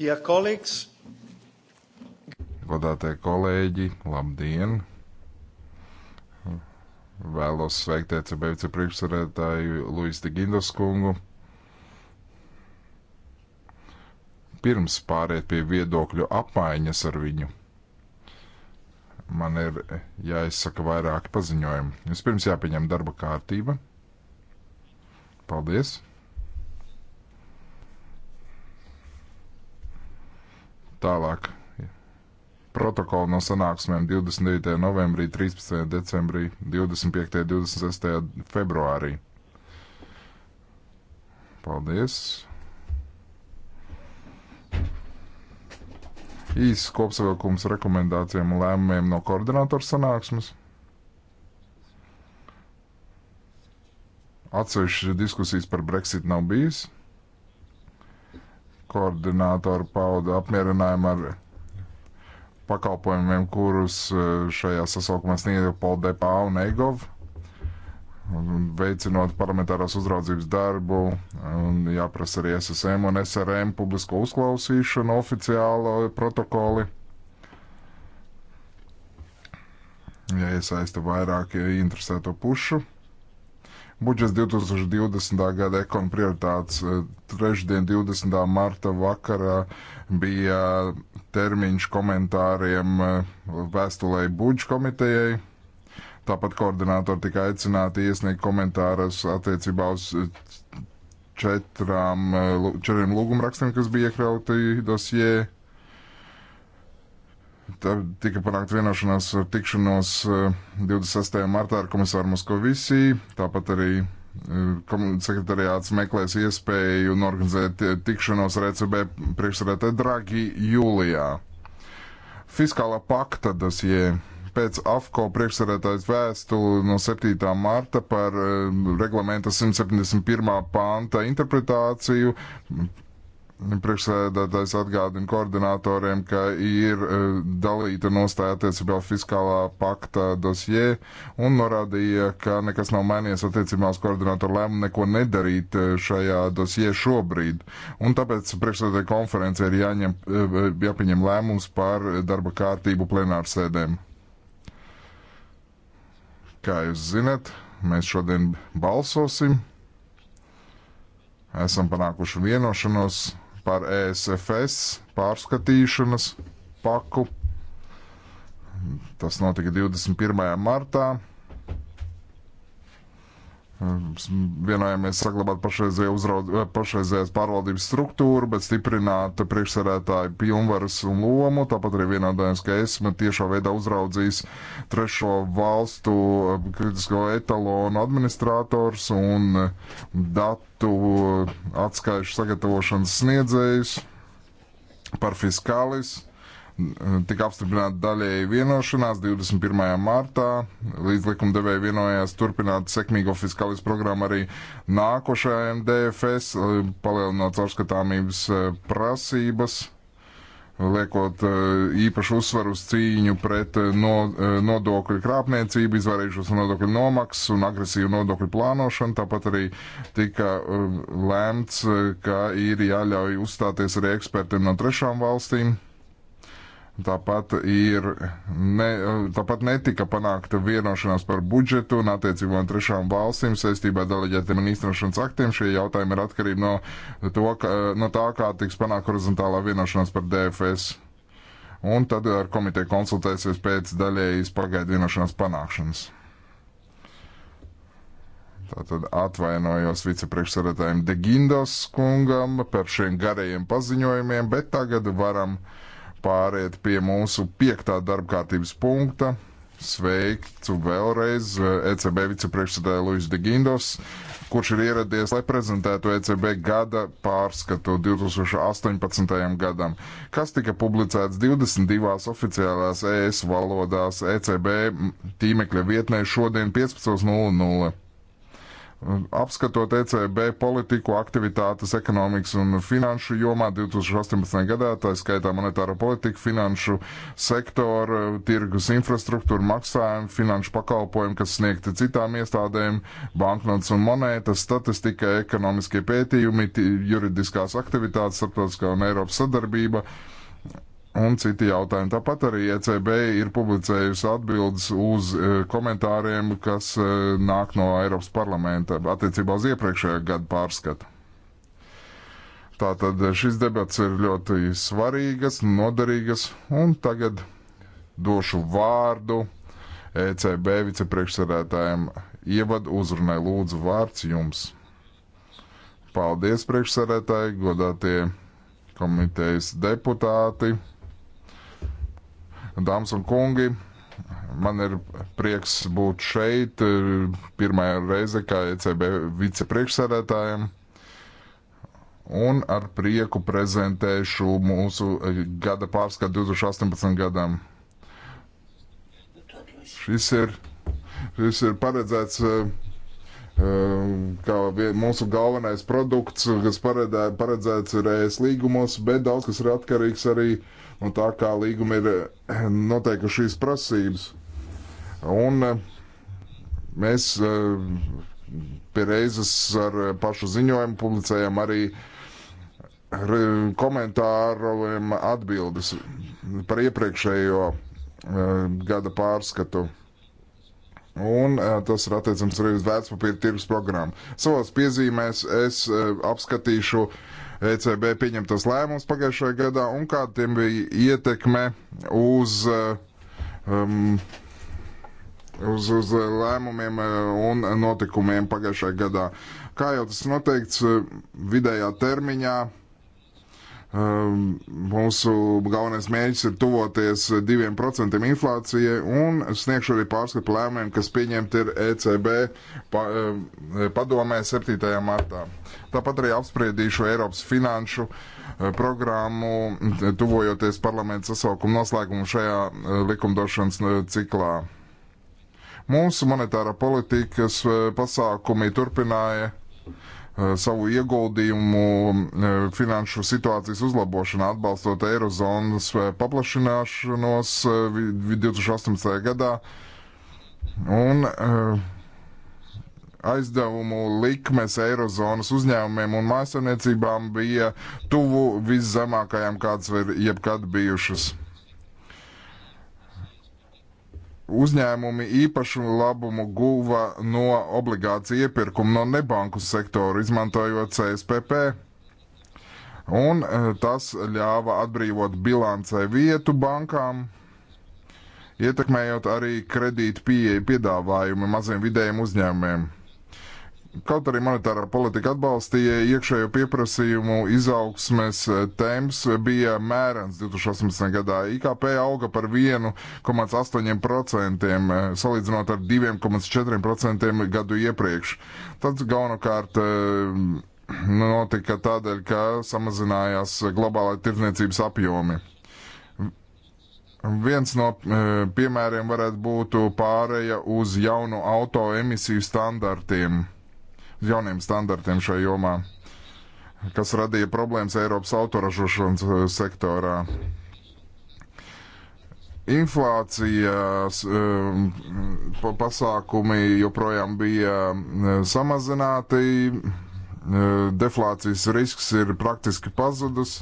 Dear colleagues, godātie kolēģi, labdien! Vēlos sveikt ECB vicepriekšsarētāju Luisu Digindus kungu. Pirms pāriet pie viedokļu apmaiņas ar viņu, man ir jāizsaka vairāki paziņojumi. Vispirms jāpieņem darba kārtība. Paldies! Tālāk. Protokoli no sanāksmēm 29. novembrī, 13. decembrī, 25. un 26. februārī. Paldies! Īsts kopsavilkums rekomendācijām un lēmumiem no koordinātora sanāksmes. Atsevišķas diskusijas par Brexit nav bijis. Koordinātori pauda apmierinājumu ar pakalpojumiem, kurus e, šajā sasaukumā sniedza Poldepā un Eigov, veicinot parlamentārās uzraudzības darbu, un jāprasa arī SSM un SRM publisko uzklausīšanu, oficiālo protokoli. Ja iesaista vairāk interesēto pušu. Budžets 2020. gada ekonomikas prioritātes e, trešdien, 20. marta vakarā bija termiņš komentāriem e, vēstulē budžeta komitejai. Tāpat koordinātori tika aicināti iesniegt komentārus attiecībā uz e, četrām, četriem lūgumrakstiem, kas bija iekļauti dosijai. Tad tika panākt vienošanās ar tikšanos 26. Eh, martā ar komisāru Moskovisī, tāpat arī eh, sekretariāts meklēs iespēju un organizēt eh, tikšanos ar ECB priekšsēdētāju Dragi jūlijā. Fiskālā pakta dosie pēc AFCO priekšsēdētājas vēstuli no 7. marta par reglamenta 171. pānta interpretāciju Priekšsēdētājs atgādina koordinatoriem, ka ir e, dalīta nostāja attiecībā fiskālā pakta dosjē un norādīja, ka nekas nav mainījies attiecībā uz koordinatoru lēmumu neko nedarīt e, šajā dosjē šobrīd. Un tāpēc priekšsēdētāja konference ir jāņem, e, jāpieņem lēmums par darba kārtību plenārsēdēm. Kā jūs zinat, mēs šodien balsosim. Esam panākuši vienošanos par ESFS pārskatīšanas paku. Tas notika 21. martā vienojāmies saglabāt eh, pašreizējās pārvaldības struktūru, bet stiprināt priekšsarētāju pilnvaras un lomu. Tāpat arī vienojāmies, ka ESMA tiešā veidā uzraudzīs trešo valstu eh, kritisko etalonu administrators un eh, datu atskaišu sagatavošanas sniedzējus par fiskālis tika apstiprināta daļēji vienošanās 21. martā. Līdz likumdevēja vienojās turpināt sekmīgo fiskālis programmu arī nākošajam DFS, eh, palielinot caurskatāmības eh, prasības, liekot eh, īpašu uzsvaru uz cīņu pret no, nodokļu krāpniecību, izvairīšos nodokļu nomaks un agresīvu nodokļu plānošanu. Tāpat arī tika lēmts, ka ir jāļauj uzstāties arī ekspertiem no trešām valstīm Tāpat, ir, ne, tāpat netika panākta vienošanās par budžetu un attiecībām trešām valstīm saistībā ar deleģētiem un īstenošanas aktiem. Šie jautājumi ir atkarīgi no, to, ka, no tā, kā tiks panākt horizontālā vienošanās par DFS. Un tad ar komiteju konsultēsies pēc daļējas pagaidu vienošanās panākšanas. Tātad atvainojos vicepriekšsēdētājiem Degindos kungam par šiem garajiem paziņojumiem, bet tagad varam pāriet pie mūsu piektā darbkārtības punkta. Sveiktu vēlreiz ECB eh, e vicepriekšsēdētāju Luisu Digindos, kurš ir ieradies, lai prezentētu ECB gada pārskatu 2018. gadam, kas tika publicēts 22 oficiālās ES valodās ECB tīmekļa vietnē šodien 15.00. Apskatot ECB politiku, aktivitātes ekonomikas un finanšu jomā 2018. gadā, tā skaitā monetāra politika, finanšu sektora, tirgus infrastruktūra, maksājumi, finanšu pakalpojumi, kas sniegti citām iestādēm, banknotes un monētas, statistika, ekonomiskie pētījumi, juridiskās aktivitātes, starptautiskā un Eiropas sadarbība. Uh, un citi jautājumi. Tāpat arī ECB ir publicējusi atbildes uz e, komentāriem, kas e, nāk no Eiropas parlamenta attiecībā uz iepriekšējā gada pārskatu. Tātad e, šis debats ir ļoti svarīgas, noderīgas, un tagad došu vārdu ECB vicepriekšsēdētājiem ievadu uzrunai. Lūdzu, vārds jums. Paldies, priekšsēdētāji, godātie komitejas deputāti Dāmas un kungi, man ir prieks būt šeit pirmā reize kā ECB vicepriekšsēdētājiem. Un ar prieku prezentēšu mūsu gada pārskatu 2018. gadam. Šis ir, šis ir paredzēts eh, eh, kā mūsu galvenais produkts, kas paredzēts ir ES līgumos, bet daudz kas ir atkarīgs arī no un tā kā līguma ir eh, noteikuši šīs prasības. Un eh, mēs eh, pie reizes ar pašu ziņojumu publicējam arī komentāru atbildes par iepriekšējo gada pārskatu. Un tas ir attiecams arī uz vērtspapīra tirgus programmu. Savās piezīmēs es apskatīšu uh, ECB pieņemtas lēmums pagājušajā gadā un kāda tiem bija ietekme uz, um, uz, uz lēmumiem uh, un notikumiem pagājušajā gadā. Kā jau tas noteikts, uh, vidējā termiņā Ehm, mūsu galvenais mērķis ir tuvoties 2% inflācijai un sniegšu arī pārskatu par lēmumiem, kas pieņemti ir ECB pa, ehm, padomē 7. martā. Tāpat arī apspriedīšu Eiropas finanšu eh, programmu, tuvojoties parlamentu sasaukumu noslēgumu šajā eh, likumdošanas eh, ciklā. Mūsu monetāra politikas pasākumi turpināja Uh, savu ieguldījumu uh, finanšu situācijas uzlabošanā, atbalstot Eirozonas uh, paplašināšanos 2018. gadā. Un aizdevumu likmes Eirozonas uzņēmumiem un mājasemniecībām bija tuvu viszemākajām, kādas ir jebkad bijušas. uzņēmumi īpašu labumu guva no obligāciju iepirkuma no nebanku sektora, izmantojot CSPP. Un eh, tas ļāva atbrīvot bilancē vietu bankām, ietekmējot arī kredītu pieeja piedāvājumu maziem vidējiem uzņēmumiem. Kaut arī monetārā politika atbalstīja iekšējo pieprasījumu izaugsmes eh, temps bija mērens 2018. gadā. IKP auga par 1,8% eh, salīdzinot ar 2,4% gadu iepriekš. Tas galvenokārt eh, notika tādēļ, ka samazinājās globālai tirdzniecības apjomi. Viens no piemēriem varētu būt pāreja uz jaunu auto emisiju standartiem jauniem standartiem šajā jomā, kas radīja problēmas Eiropas autoražošanas eh, sektorā. Inflācijas eh, pasākumi joprojām bija eh, samazināti, deflācijas risks ir praktiski pazudus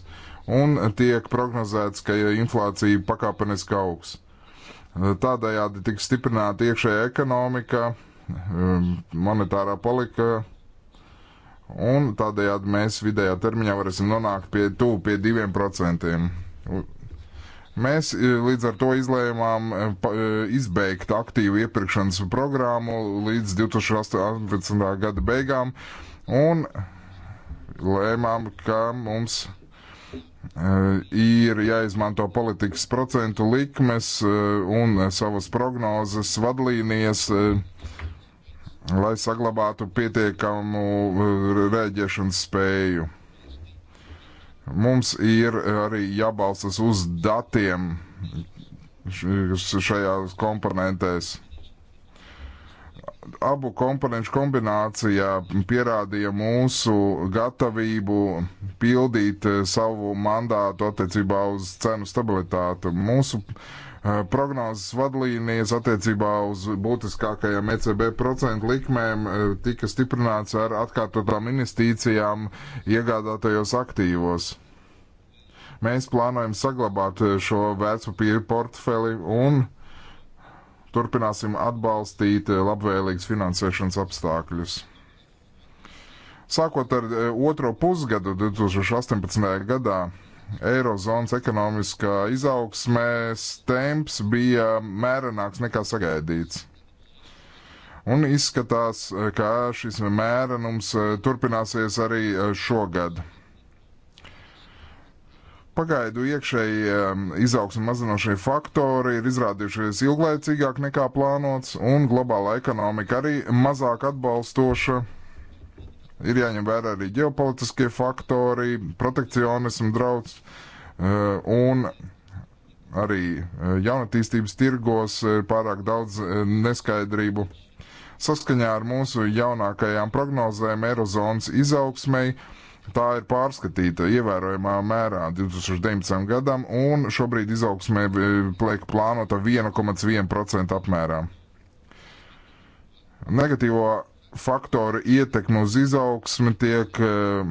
un tiek prognozēts, ka inflācija pakāpeniski augs. Tādējādi tiks stiprināta iekšējā ekonomika, Um, monetārā palika. Un tādējādi mēs vidējā termiņā varēsim nonākt pie tuvu pie diviem procentiem. Mēs e, līdz ar to izlēmām e, e, izbeigt aktīvu iepirkšanas programmu līdz 2018. gada beigām un lēmām, ka mums ir jāizmanto politikas procentu likmes un savas prognozes vadlīnijas lai saglabātu pietiekamu eh, rēģēšanas spēju. Mums ir arī jābalstas uz datiem šajās komponentēs. Abu komponentu kombinācijā pierādīja mūsu gatavību pildīt eh, savu mandātu attiecībā uz cenu stabilitāti. Mūsu uh, Eh, prognozes vadlīnijas attiecībā uz būtiskākajām ECB procentu likmēm eh, tika stiprināts ar atkārtotām investīcijām iegādātajos aktīvos. Mēs plānojam saglabāt eh, šo vērtspapīru portfeli un turpināsim atbalstīt labvēlīgas finansēšanas apstākļus. Sākot ar otro pusgadu 2018. gadā, Eirozonas ekonomiskā izaugsmēs temps bija mērenāks nekā sagaidīts. Un izskatās, ka šis mērenums eh, turpināsies arī eh, šogad. Pagaidu iekšēji eh, izaugsmu mazinošie faktori ir izrādījušies ilglaicīgāk nekā plānots, un globāla ekonomika arī mazāk atbalstoša Ir jāņem vērā arī ģeopolitiskie faktori, protekcionismu draudz eh, un arī eh, jaunatīstības tirgos ir eh, pārāk daudz neskaidrību. Saskaņā ar mūsu jaunākajām prognozēm Eirozonas izaugsmei tā ir pārskatīta ievērojamā mērā 2019. gadam, un šobrīd izaugsmē liek plānota 1,1% apmērā. Negatīvo faktoru ietekme uz izaugsmi tiek eh,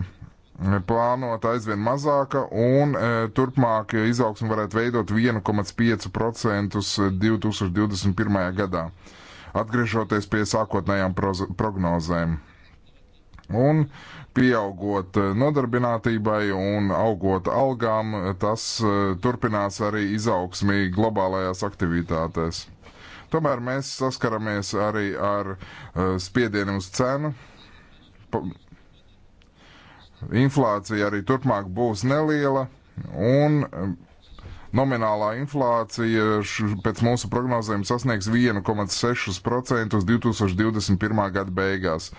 plānota aizvien mazāka, un eh, turpmāk izaugsmi varētu veidot 1,5% 2021. Eh, gadā, atgriežoties pie sākotnējām prognozēm. Un pieaugot nodarbinātībai un augot algām, tas turpinās arī izaugsmī globālajās aktivitātēs. Tomēr mēs saskaramies arī ar uh, spiedienu uz cenu. Pa, inflācija arī turpmāk būs neliela un um, nominālā inflācija š, pēc mūsu prognozēm sasniegs 1,6% 2021. gada beigās.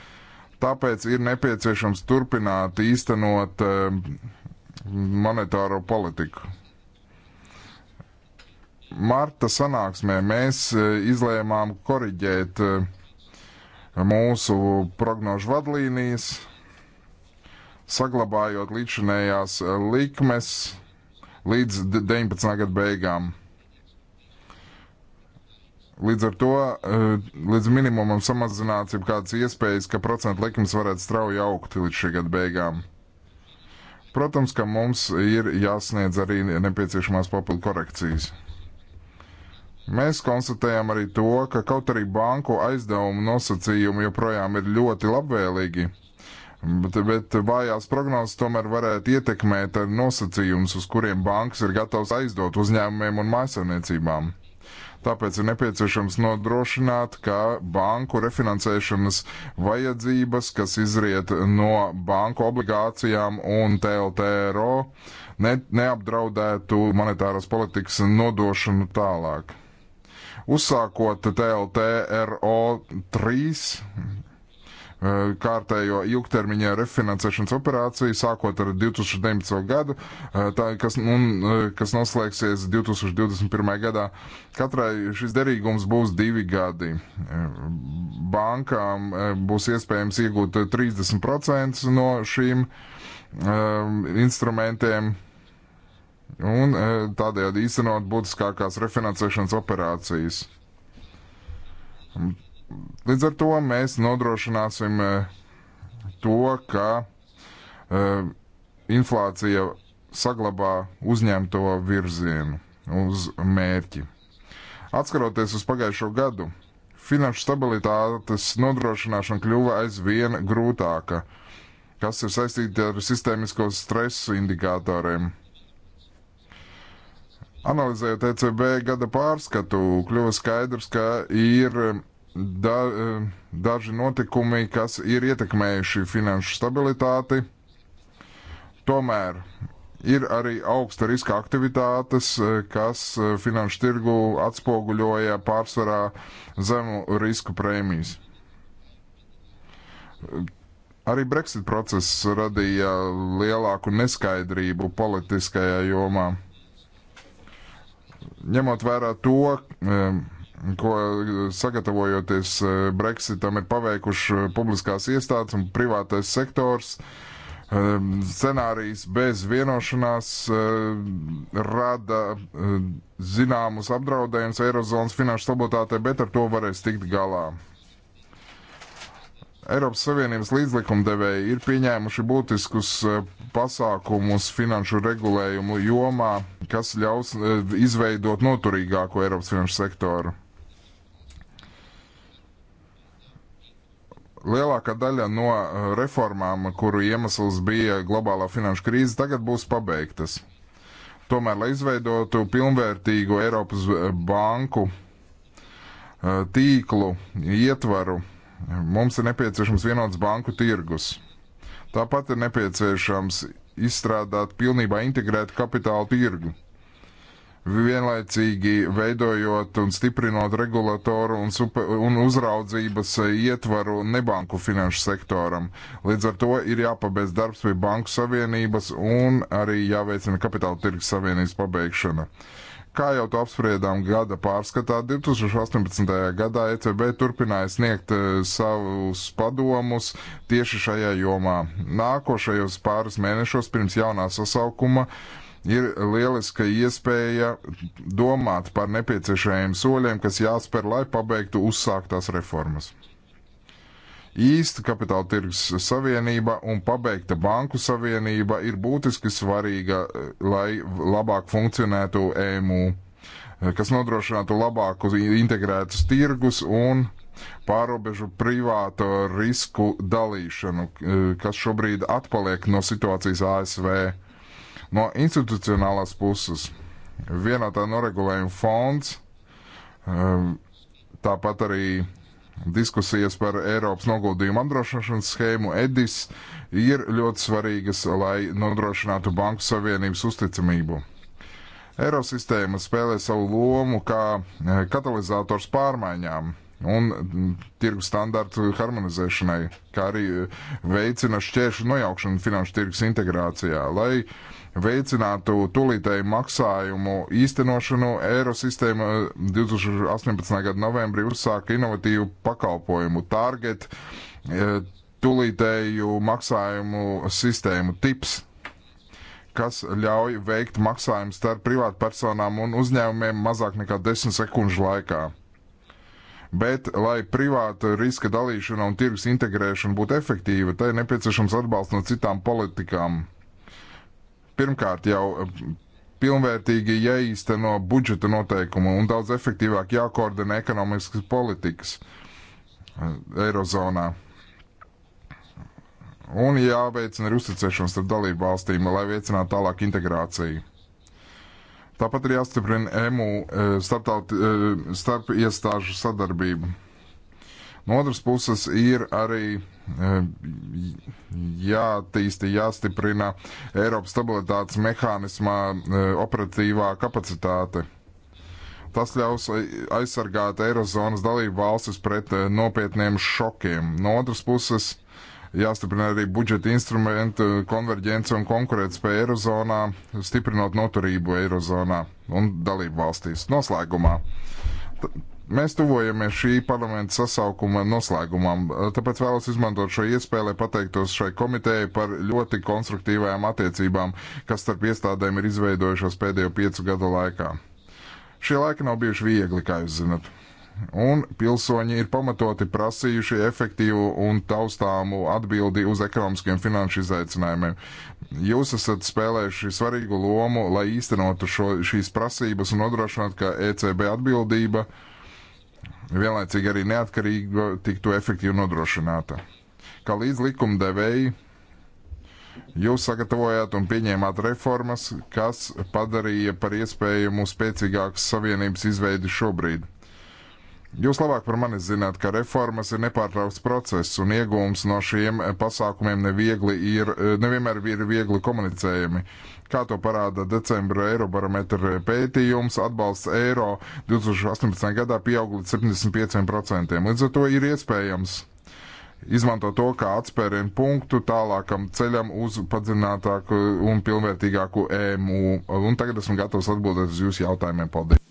Tāpēc ir nepieciešams turpināt īstenot um, monetāro politiku. Marta sanāksmē mēs e, izlēmām koriģēt e, mūsu prognožu vadlīnijas, saglabājot līdzinējās e, likmes līdz 19. gada beigām. Līdz ar to līdz minimumam samazināts jau kādas iespējas, ka procentu likums varētu strauji augt līdz šī gada beigām. Protams, ka mums ir jāsniedz arī nepieciešamās papildu korekcijas. Mēs konstatējam arī to, ka kaut arī banku aizdevumu nosacījumi joprojām ir ļoti labvēlīgi, bet, bet vājās prognozes tomēr varētu ietekmēt nosacījumus, uz kuriem bankas ir gatavs aizdot uzņēmumiem un mājasemniecībām. Tāpēc ir nepieciešams nodrošināt, ka banku refinansēšanas vajadzības, kas izriet no banku obligācijām un TLTRO, ne, neapdraudētu monetāras politikas nodošanu tālāk. Uzsākot TLTRO 3 eh, kārtējo ilgtermiņa refinansēšanas operāciju, sākot ar 2019. gadu, eh, tā, kas, un, eh, kas noslēgsies 2021. gadā. Katrai šis derīgums būs divi gadi. Bankām būs iespējams iegūt 30% no šīm um, instrumentiem un e, tādējādi īstenot būtiskākās refinansēšanas operācijas. Līdz ar to mēs nodrošināsim e, to, ka e, inflācija saglabā uzņemto virzienu uz mērķi. Atskaroties uz pagājušo gadu, finanšu stabilitātes nodrošināšana kļuva aizvien grūtāka, kas ir saistīta ar sistēmisko stresu indikatoriem Analizējot ECB gada pārskatu, kļuva skaidrs, ka ir eh, da, eh, daži notikumi, kas ir ietekmējuši finanšu stabilitāti. Tomēr ir arī augsta riska aktivitātes, eh, kas finanšu tirgu atspoguļoja pārsvarā zemu risku prēmijas. Arī Brexit process radīja lielāku neskaidrību politiskajā jomā ņemot vērā to, ko sagatavojoties eh, Brexitam ir paveikuši eh, publiskās iestādes un privātais sektors, scenārijs bez vienošanās eh, rada zināmus apdraudējumus Eirozonas finanšu stabilitātei, bet ar to varēs tikt galā. Eiropas Savienības līdzlikumdevēji ir pieņēmuši būtiskus eh, pasākumus finanšu regulējumu jomā, kas ļaus eh, izveidot noturīgāko Eiropas finanšu sektoru. Lielākā daļa no eh, reformām, kuru iemesls bija globālā finanšu krīze, tagad būs pabeigtas. Tomēr, lai izveidotu pilnvērtīgu Eiropas banku tīklu, ietvaru, Mums ir nepieciešams vienots banku tirgus. Tāpat ir nepieciešams izstrādāt pilnībā integrētu kapitālu tirgu, vienlaicīgi veidojot un stiprinot regulatoru un, super, un uzraudzības ietvaru nebanku finanšu sektoram. Līdz ar to ir jāpabeidz darbs pie banku savienības un arī jāveicina kapitāla tirgus savienības pabeigšana. Uh, Kā jau to apspriedām gada pārskatā, 2018. gadā ECB turpināja sniegt e, savus padomus tieši šajā jomā. Nākošajos pāris mēnešos pirms jaunā sasaukuma ir lieliska iespēja domāt par nepieciešajiem soļiem, kas jāspēr, lai pabeigtu uzsāktās reformas. Īsta kapitāla tirgus savienība un pabeigta banku savienība ir būtiski svarīga, eh, lai labāk funkcionētu EMU, eh, kas nodrošinātu labākus integrētus tirgus un pārobežu privāto risku dalīšanu, eh, kas šobrīd atpaliek no situācijas ASV. No institucionālās puses vienotā noregulējuma fonds, tāpat arī diskusijas par Eiropas noguldījumu apdrošināšanas schēmu EDIS ir ļoti svarīgas, lai nodrošinātu Banku Savienības uzticamību. Eiropas sistēma spēlē savu lomu kā eh, katalizators pārmaiņām un mm, tirgu standartu harmonizēšanai, kā arī eh, veicina šķēršu nojaukšanu finanšu tirgus integrācijā, lai uh, veicinātu tūlītēju maksājumu īstenošanu, Eirosistēma 2018. Eh, gada novembrī uzsāka inovatīvu pakalpojumu Target eh, tūlītēju maksājumu sistēmu TIPS kas ļauj veikt maksājumu starp privātpersonām un uzņēmumiem mazāk nekā 10 sekundžu laikā. Bet, lai privāta riska dalīšana un tirgus integrēšana būtu efektīva, tai ir nepieciešams atbalsts no citām politikām pirmkārt jau eh, pilnvērtīgi jāīsteno budžeta noteikumi un daudz efektīvāk jākoordinē ekonomiskas politikas eh, Eirozonā. Un jāveicina arī uzticēšanās starp dalību valstīm, lai veicinātu tālāk integrāciju. Tāpat ir jāstiprina EMU eh, starp, starp iestāžu sadarbība. No otras puses ir arī jātīsta, jāstiprina Eiropas stabilitātes mehānismā operatīvā kapacitāte. Tas ļaus aizsargāt Eirozonas dalību valstis pret nopietniem šokiem. No otras puses, jāstiprina arī budžeta instrumentu konverģence un konkurētspēja Eirozonā, stiprinot noturību Eirozonā un dalību valstīs. Noslēgumā Mēs tuvojamies šī parlamenta sasaukuma noslēgumam, tāpēc vēlos izmantot šo iespēju, lai pateiktos šai komitejai par ļoti konstruktīvajām attiecībām, kas starp iestādēm ir izveidojušās pēdējo piecu gadu laikā. Šie laiki nav bijuši viegli, kā jūs zinat, un pilsoņi ir pamatoti prasījuši efektīvu un taustāmu atbildi uz ekonomiskiem finanšu izaicinājumiem. Jūs esat spēlējuši svarīgu lomu, lai īstenotu šo, šīs prasības un nodrošinātu, ka ECB atbildība uh, Vienlaicīgi arī neatkarīga tiktu efektīvi nodrošināta. Kā līdz likumdevēji Jūs sagatavojāt un pieņēmāt reformas, kas padarīja par iespējamu spēcīgākas savienības izveidi šobrīd. Jūs labāk par mani zināt, ka reformas ir nepārtraukts process un iegūms no šiem pasākumiem neviegli ir, nevienmēr ir viegli komunicējami. Kā to parāda decembra eirobarometra pētījums, atbalsts eiro 2018. gadā pieauga līdz 75%. Līdz ar to ir iespējams izmanto to kā atspērienu punktu tālākam ceļam uz padziļinātāku un pilnvērtīgāku EMU. Un tagad esmu gatavs atbildēt uz jūsu jautājumiem. Paldies!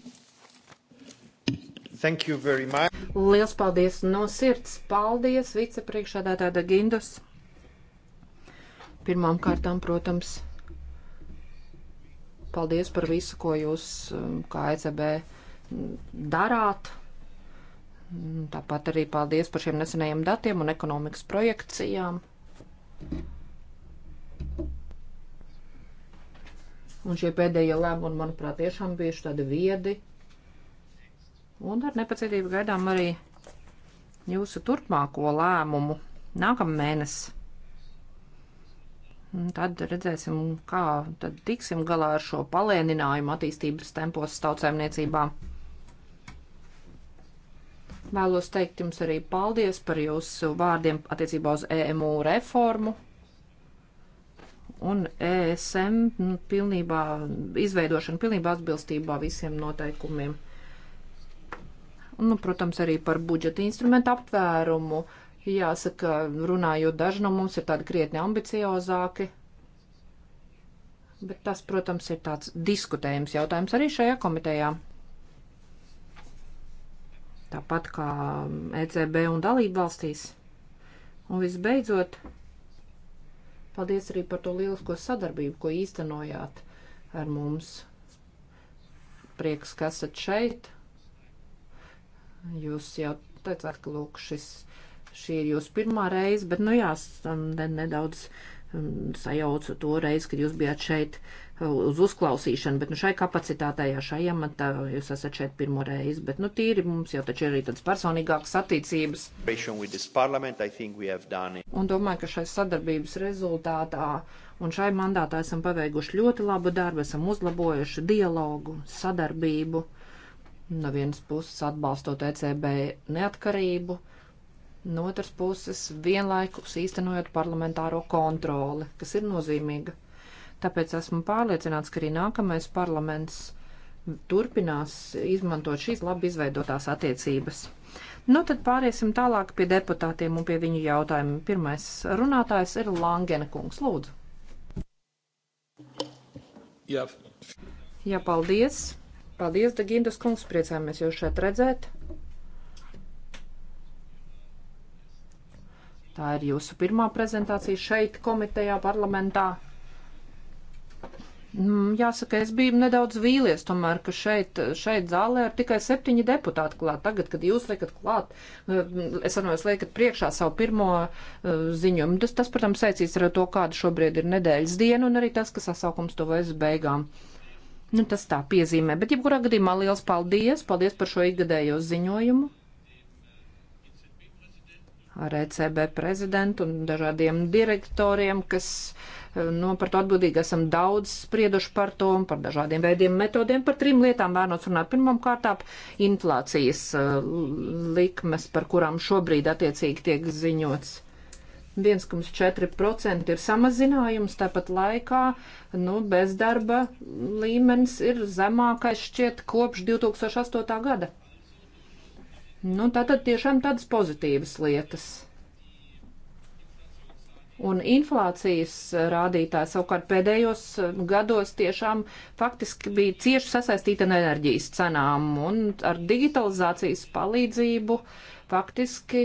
Lielas paldies no sirds! Paldies, vicepriekšādātāda Gindus! Pirmām kārtām, protams paldies par visu, ko jūs um, kā ECB darāt. Mm, tāpat arī paldies par šiem nesenajiem datiem un ekonomikas projekcijām. Un šie pēdējie lēmumi, manuprāt, tiešām bijuši tādi viedi. Un ar nepacietību gaidām arī jūsu turpmāko lēmumu nākamnēnes. Tad redzēsim, kā tad tiksim galā ar šo palēninājumu attīstības tempos tautsēmniecībā. Vēlos teikt jums arī paldies par jūsu vārdiem attiecībā uz EMU reformu. Un ESM nu, pilnībā, izveidošana pilnībā atbilstībā visiem noteikumiem. Un, nu, protams, arī par budžeta instrumentu aptvērumu. Uh, Jāsaka, runājot daži no mums ir tādi krietni ambiciozāki, bet tas, protams, ir tāds diskutējums jautājums arī šajā komitejā. Tāpat kā ECB un dalību valstīs. Un visbeidzot, paldies arī par to lielisko sadarbību, ko īstenojāt ar mums. Prieks, ka esat šeit. Jūs jau teicāt, ka lūk šis Šī ir jūsu pirmā reize, bet, nu jā, um, nedaudz um, sajaucu to reizi, kad jūs bijāt šeit uh, uz uzklausīšanu, bet nu, šai kapacitātei, ja šai amatā jūs esat šeit pirmo reizi, bet nu, tīri mums jau taču ir arī tādas personīgākas attiecības. Un domāju, ka šai sadarbības rezultātā un šai mandātā esam paveikuši ļoti labu darbu, esam uzlabojuši dialogu, sadarbību, no vienas puses atbalstot ECB neatkarību no otras puses vienlaikus īstenojot parlamentāro kontroli, kas ir nozīmīga. Tāpēc esmu pārliecināts, ka arī nākamais parlaments turpinās izmantot šīs labi izveidotās attiecības. Nu, tad pāriesim tālāk pie deputātiem un pie viņu jautājumiem. Pirmais runātājs ir Langena kungs. Lūdzu. Jā. Jā, paldies. Paldies, Dagindas kungs. Priecājamies jūs šeit redzēt. Tā ir jūsu pirmā prezentācija šeit, komitejā, parlamentā. Mm, jāsaka, es biju nedaudz vīlies, tomēr, ka šeit, šeit zālē ir tikai septiņi deputāti klāt. Tagad, kad jūs liekat klāt, mm, es varu, jūs liekat priekšā savu pirmo eh, ziņojumu. Tas, tas, protams, saicīs ar to, kāda šobrīd ir nedēļas diena un arī tas, ka sasaukums to vairs beigām. Nu, tas tā piezīmē, bet jebkurā gadījumā liels paldies, paldies par šo ikgadējo ziņojumu ar ECB prezidentu un dažādiem direktoriem, kas eh, nu, par to atbildīgi esam daudz sprieduši par to un par dažādiem veidiem metodiem. Par trim lietām vērnots runāt. Pirmam kārtām inflācijas eh, likmes, par kurām šobrīd attiecīgi tiek ziņots. 1,4% ir samazinājums, tāpat laikā nu, bezdarba līmenis ir zemākais šķiet kopš 2008. gada. Nu, tā tad tiešām tādas pozitīvas lietas. Un inflācijas rādītāji savukārt pēdējos eh, gados tiešām faktiski bija cieši sasaistīta ar enerģijas cenām un ar digitalizācijas palīdzību faktiski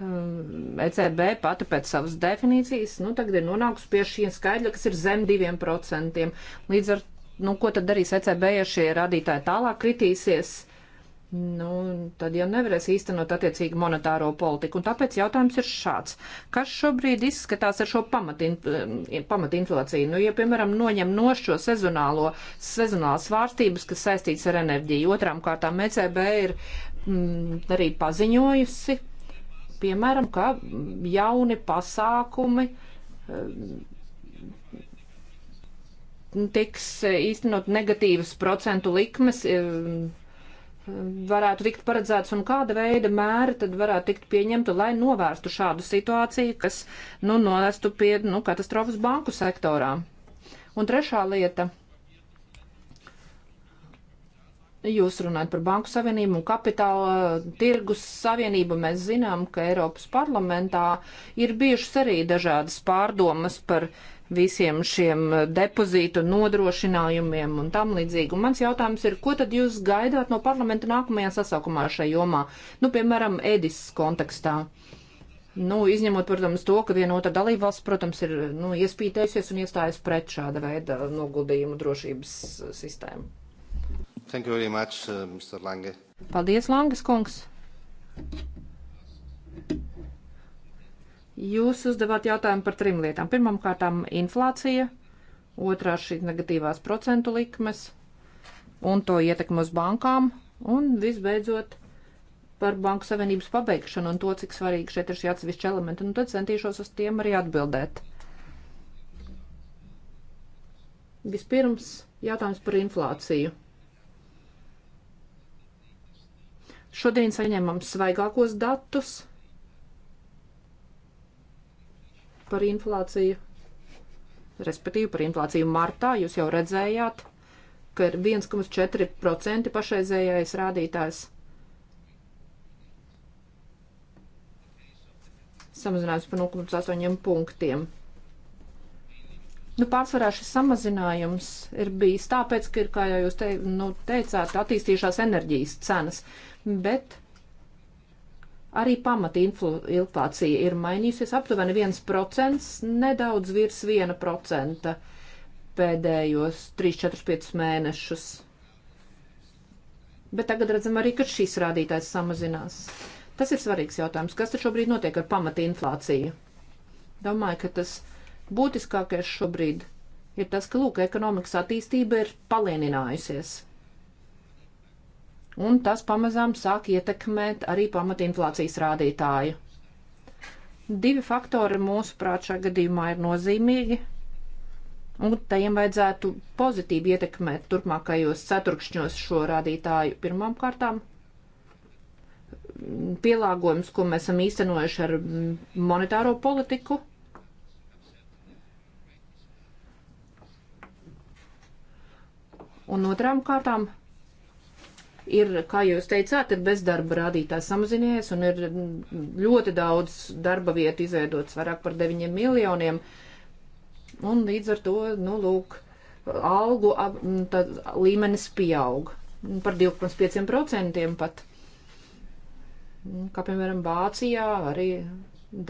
ECB eh, e pati pēc savas definīcijas, nu, tagad ir nonākusi pie šī skaidra, kas ir zem diviem procentiem. Līdz ar, nu, ko tad darīs ECB, ja šie rādītāji tālāk kritīsies? nu, tad jau nevarēs īstenot attiecīgi monetāro politiku. Un tāpēc jautājums ir šāds. Kas šobrīd izskatās ar šo eh, pamatinflāciju? Pamat nu, ja, piemēram, noņem no šo sezonālo, sezonālās svārstības, kas saistīts ar enerģiju. Otrām kārtām ECB ir mm, arī paziņojusi, piemēram, ka jauni pasākumi mm, tiks īstenot negatīvas procentu likmes. Mm, varētu tikt paredzēts un kāda veida mēri tad varētu tikt pieņemta, lai novērstu šādu situāciju, kas, nu, novestu pie, nu, katastrofas banku sektorā. Un trešā lieta. Jūs runājat par banku savienību un kapitāla tirgus savienību. Mēs zinām, ka Eiropas parlamentā ir bijušas arī dažādas pārdomas par uh, visiem šiem eh, depozītu nodrošinājumiem un tam līdzīgi. Un mans jautājums ir, ko tad jūs gaidāt no parlamenta nākamajā sasaukumā šajā jomā? Nu, piemēram, Edis kontekstā. Nu, izņemot, protams, to, ka viena otra dalībvalsts, protams, ir nu, iespītējusies un iestājas pret šāda veida noguldījumu drošības eh, sistēmu. Thank you very much, uh, Mr. Lange. Paldies, Langas kungs. Jūs uzdevāt jautājumu par trim lietām. Pirmkārt, inflācija, otrā šīs negatīvās procentu likmes un to ietekmu uz bankām, un visbeidzot par banku savienības pabeigšanu un to, cik svarīgi šeit ir šie atsevišķi elementi. Un nu, tad centīšos uz tiem arī atbildēt. Vispirms jautājums par inflāciju. Šodien saņemam svaigākos datus par inflāciju, respektīvi par inflāciju martā, jūs jau redzējāt, ka ir 1,4% pašreizējais rādītājs. Samazinājums par 0,8 punktiem. Nu, pārsvarā šis samazinājums ir bijis tāpēc, ka ir, kā jau jūs te, nu, teicāt, attīstījušās enerģijas cenas, bet Arī pamata inflācija ir mainījusies aptuveni 1%, nedaudz virs 1% pēdējos 3, 4, 5 mēnešus. Bet tagad redzam arī, ka šīs rādītājs samazinās. Tas ir svarīgs jautājums. Kas tad šobrīd notiek ar pamata inflāciju? Domāju, ka tas būtiskākais šobrīd ir tas, ka, lūk, ekonomikas attīstība ir palieninājusies un tas pamazām sāk ietekmēt arī pamatinflācijas rādītāju. Divi faktori mūsuprāt šajā gadījumā ir nozīmīgi, un tajiem vajadzētu pozitīvi ietekmēt turpmākajos ceturkšņos šo rādītāju pirmām kārtām. Mm, pielāgojums, ko mēs esam īstenojuši ar mm, monetāro politiku, un otrām kārtām ir, kā jūs teicāt, ir bezdarba rādītājs samazinies un ir ļoti daudz darba vietu izveidots, vairāk par 9 miljoniem. Un līdz ar to, nu, lūk, algu tā, līmenis pieaug par 2,5% pat. Kā piemēram Vācijā arī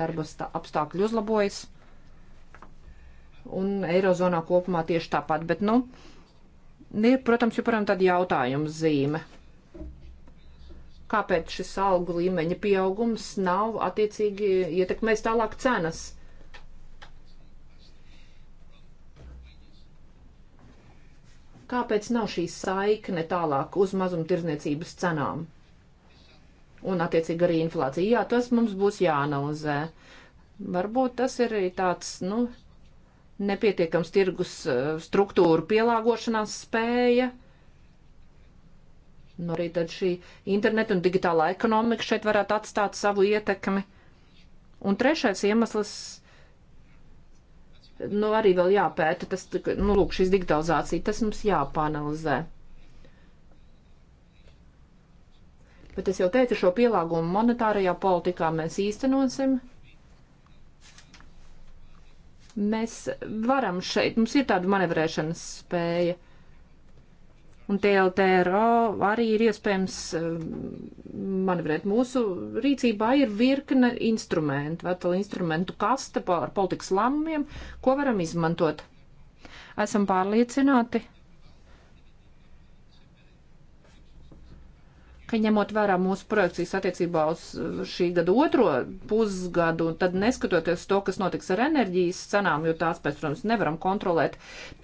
darba apstākļi uzlabojas. Un Eirozonā kopumā tieši tāpat, bet, nu, ir, protams, joprojām tāda jautājuma zīme kāpēc šis algu līmeņa pieaugums nav attiecīgi ietekmējis tālāk cenas. Kāpēc nav šī saikne tālāk uz mazumtirdzniecības cenām? Un attiecīgi arī inflācija. Jā, tas mums būs jāanalizē. Varbūt tas ir arī tāds, nu, nepietiekams tirgus eh, struktūru pielāgošanās spēja. Uh, Nu, arī tad šī interneta un digitālā ekonomika šeit varētu atstāt savu ietekmi. Un trešais iemesls, nu, arī vēl jāpēta, tas, nu, lūk, šis digitalizācija, tas mums jāpanalizē. Bet es jau teicu, šo pielāgumu monetārajā politikā mēs īstenosim. Mēs varam šeit, mums ir tāda manevrēšanas spēja un TLTRO arī ir iespējams eh, manevrēt. Mūsu rīcībā ir virkne instrumentu, vēl instrumentu kasta ar politikas lēmumiem, ko varam izmantot. Esam pārliecināti, ka ņemot vērā mūsu projekcijas attiecībā uz uh, šī gada otro pusgadu, un tad neskatoties to, kas notiks ar enerģijas cenām, jo tās pēc, protams, nevaram kontrolēt,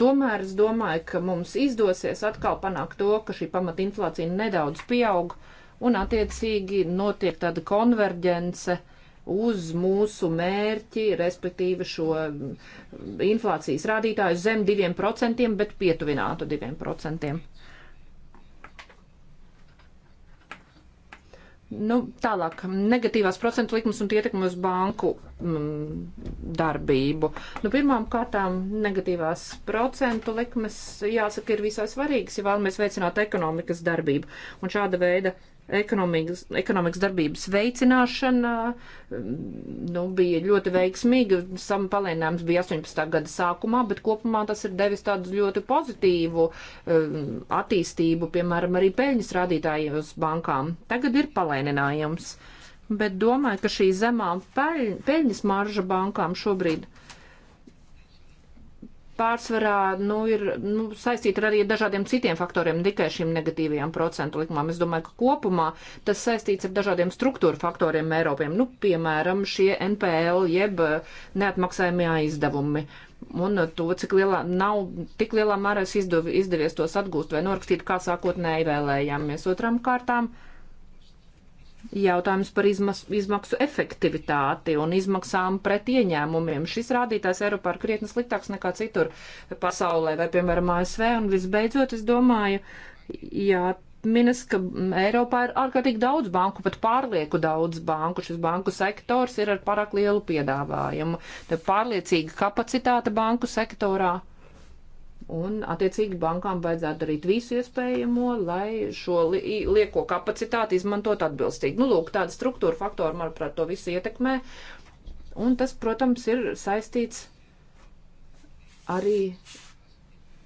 tomēr es domāju, ka mums izdosies atkal panākt to, ka šī pamata inflācija nedaudz pieaug, un attiecīgi notiek tāda konverģence uz mūsu mērķi, respektīvi šo mm, inflācijas rādītāju zem 2%, bet pietuvinātu 2%. Nu, tālāk, negatīvās procentu likmes un ietekme uz banku mm, darbību. Nu, pirmām kārtām, negatīvās procentu likmes, jāsaka, ir visai svarīgas, ja vēlamies veicināt ekonomikas darbību. Un šāda veida ekonomikas, ekonomikas darbības veicināšana mm, nu, bija ļoti veiksmīga. Sam palēnājums bija 18. gada sākumā, bet kopumā tas ir devis tādu ļoti pozitīvu mm, attīstību, piemēram, arī peļņas rādītājiem uz bankām. Tagad ir palēninājums, bet domāju, ka šī zemā peļņas marža bankām šobrīd pārsvarā nu, ir nu, saistīta arī ar dažādiem citiem faktoriem, ne tikai šīm negatīvajām procentu likmām. Es domāju, ka kopumā tas saistīts ar dažādiem struktūra faktoriem Eiropiem, nu, piemēram, šie NPL jeb eh, neatmaksājumie aizdevumi. Un eh, to, cik lielā, nav tik lielā mērā izdevies tos atgūt vai norakstīt, kā sākotnēji vēlējāmies. Otram kārtām. Uh, Jautājums par izmas, izmaksu efektivitāti un izmaksām pret ieņēmumiem. Šis rādītājs Eiropā ir krietni sliktāks nekā citur pasaulē, vai piemēram ASV. Un visbeidzot, es domāju, jāatminas, ka Eiropā ir ārkārtīgi daudz banku, pat pārlieku daudz banku. Šis banku sektors ir ar pārāk lielu piedāvājumu. Tā pārliecīga kapacitāte banku sektorā Un, attiecīgi, bankām vajadzētu darīt visu iespējamo, lai šo li lieko kapacitāti izmantot atbilstīgi. Nu, lūk, tāda struktūra faktori, manuprāt, to visu ietekmē. Un tas, protams, ir saistīts arī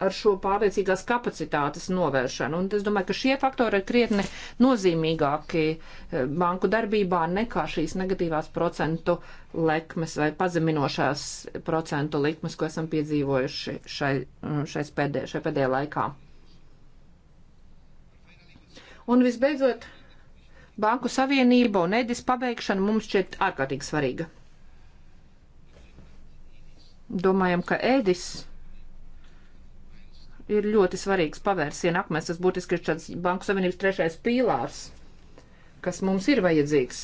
ar šo pārliecīgās kapacitātes novēršanu. Un es domāju, ka šie faktori ir krietni nozīmīgāki eh, banku darbībā nekā šīs negatīvās procentu lekmes vai pazeminošās procentu likmes, ko esam piedzīvojuši šai, mm, šai, pēdē, šai pēdējā laikā. Un visbeidzot, Banku savienība un Edis pabeigšana mums šķiet ārkārtīgi svarīga. Domājam, ka Edis ir ļoti svarīgs pavērsienu akmens. Tas būtiski ir šāds Banku Savienības trešais pīlārs, kas mums ir vajadzīgs.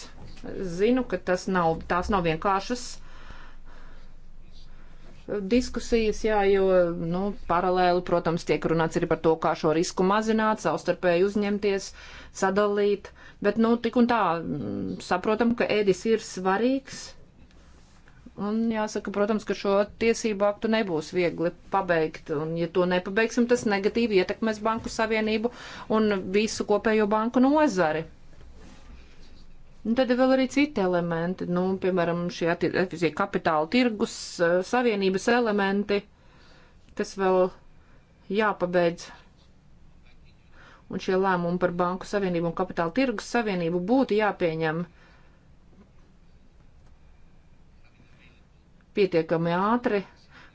Zinu, ka tas nav, tās nav vienkāršas diskusijas, jā, jo nu, paralēli, protams, tiek runāts arī par to, kā šo risku mazināt, savstarpēji uzņemties, sadalīt. Bet, nu, tik un tā mm, saprotam, ka ēdis ir svarīgs Un jāsaka, protams, ka šo tiesību aktu nebūs viegli pabeigt, un ja to nepabeigsim, tas negatīvi ietekmēs Banku Savienību un visu kopējo banku nozari. Un tad ir vēl arī citi elementi, nu, piemēram, šie attiecīgi kapitāla tirgus, eh, savienības elementi, kas vēl jāpabeidz. Un šie lēmumi par Banku Savienību un Kapitāla tirgus savienību būtu jāpieņem uh, pietiekami ātri,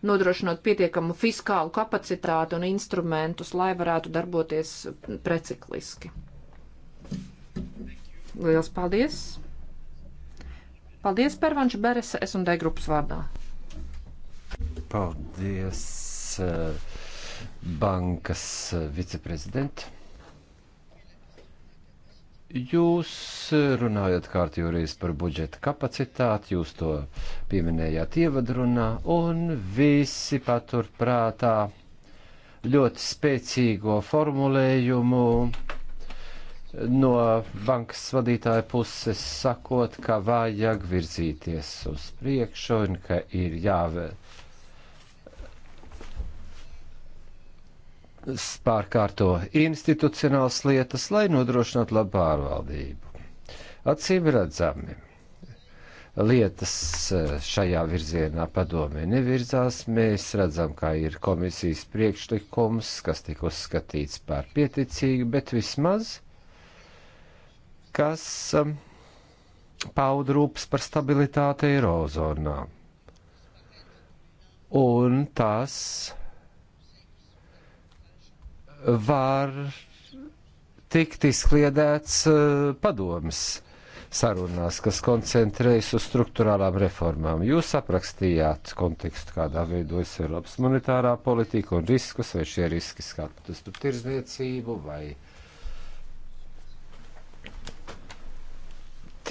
nodrošinot pietiekamu fiskālu kapacitātu un instrumentus, lai varētu darboties precikliski. Lielas paldies! Paldies, Pervanš Beres, es un D grupas vārdā. Paldies, eh, bankas eh, viceprezidenta. Jūs eh, runājat kārtīgi reiz par budžeta kapacitāti, jūs to pieminējāt ievadrunā, un visi patur prātā ļoti spēcīgo formulējumu no bankas vadītāja puses sakot, ka vajag virzīties uz priekšu un ka ir jāvēl pārkārto institucionāls lietas, lai nodrošinātu labu pārvaldību. Acīm redzami, lietas eh, šajā virzienā padomē nevirzās. Mēs redzam, kā ir komisijas priekšlikums, kas tika uzskatīts par pieticīgu, bet vismaz, kas eh, paud rūpes par stabilitāti Eirozonā. Un tas var tikt izkliedēts eh, padomis sarunās, kas koncentrējas uz struktūrālām reformām. Jūs aprakstījāt kontekstu, kādā veidojas Eiropas monetārā politika un riskus, vai šie riski skatas tur tirzniecību, vai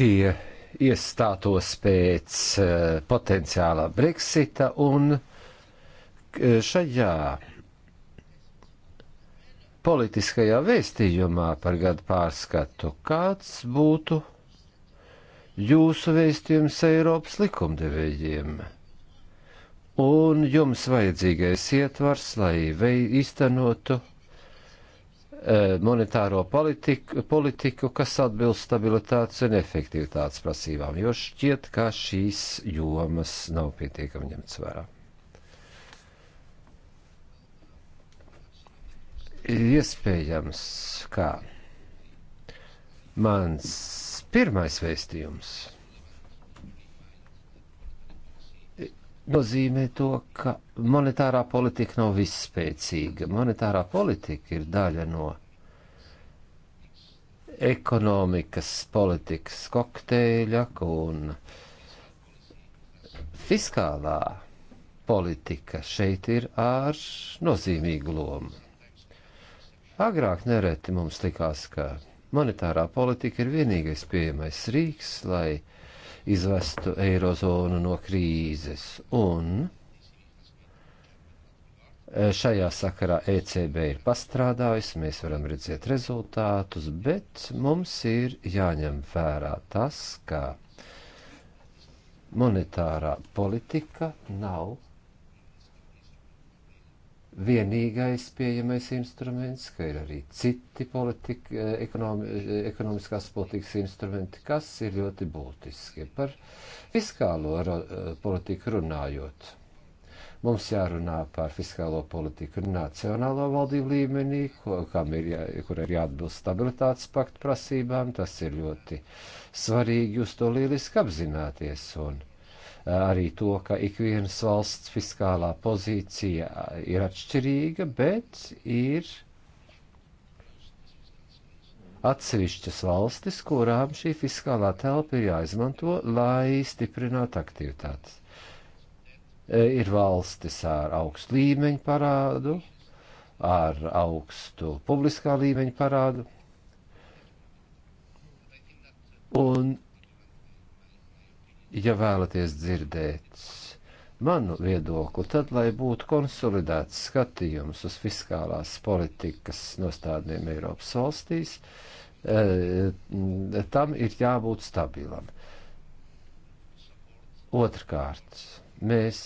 tie iestātos pēc uh, potenciālā Brexita un uh, šajā politiskajā vēstījumā par gadu pārskatu, kāds būtu jūsu vēstījums Eiropas likumdevējiem? Un jums vajadzīgais ietvars, lai vei iztenotu e, monetāro politiku, politiku, kas atbilst stabilitātes un efektivitātes prasībām, jo šķiet, ka šīs jomas nav pietiekami ņemts vērā. Iespējams, kā mans pirmais vēstījums nozīmē to, ka monetārā politika nav visspēcīga. Monetārā politika ir daļa no ekonomikas politikas kokteļa un fiskālā politika šeit ir ar nozīmīgu lomu. Agrāk nereti mums likās, ka monetārā politika ir vienīgais pieejamais rīks, lai izvestu eirozonu no krīzes. Un Šajā sakarā ECB ir pastrādājusi, mēs varam redzēt rezultātus, bet mums ir jāņem vērā tas, ka monetārā politika nav vienīgais pieejamais instruments, ka ir arī citi politika, eh, ekonomi, eh, ekonomiskās politikas instrumenti, kas ir ļoti būtiski. Par fiskālo eh, politiku runājot, mums jārunā par fiskālo politiku nacionālo valdību līmenī, ko, ir jā, kur ir jāatbilst stabilitātes paktu prasībām. Tas ir ļoti svarīgi, jūs to lieliski apzināties. Un, arī to, ka ikvienas valsts fiskālā pozīcija ir atšķirīga, bet ir atsevišķas valstis, kurām šī fiskālā telpa ir jāizmanto, lai stiprinātu aktivitātes. E, ir valstis ar augstu līmeņu parādu, ar augstu publiskā līmeņa parādu. Un ja vēlaties dzirdēt manu viedokli, tad, lai būtu konsolidēts skatījums uz fiskālās politikas nostādniem Eiropas valstīs, e, tam ir jābūt stabilam. Otrkārt, mēs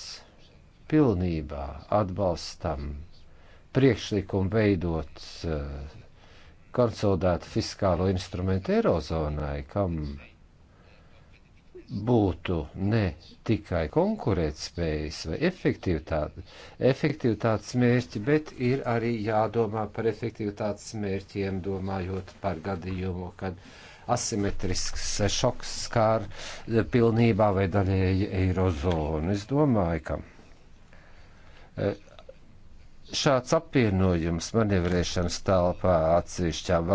pilnībā atbalstam priekšlikumu veidot e, konsolidētu fiskālo instrumentu Eirozonai, kam būtu ne tikai konkurētspējas vai efektivitāte, efektivitātes mērķi, bet ir arī jādomā par efektivitātes mērķiem, domājot par gadījumu, kad asimetrisks šoks skār pilnībā vai daļēji eirozonu. Es domāju, ka šāds apvienojums manevrēšanas telpā atsevišķām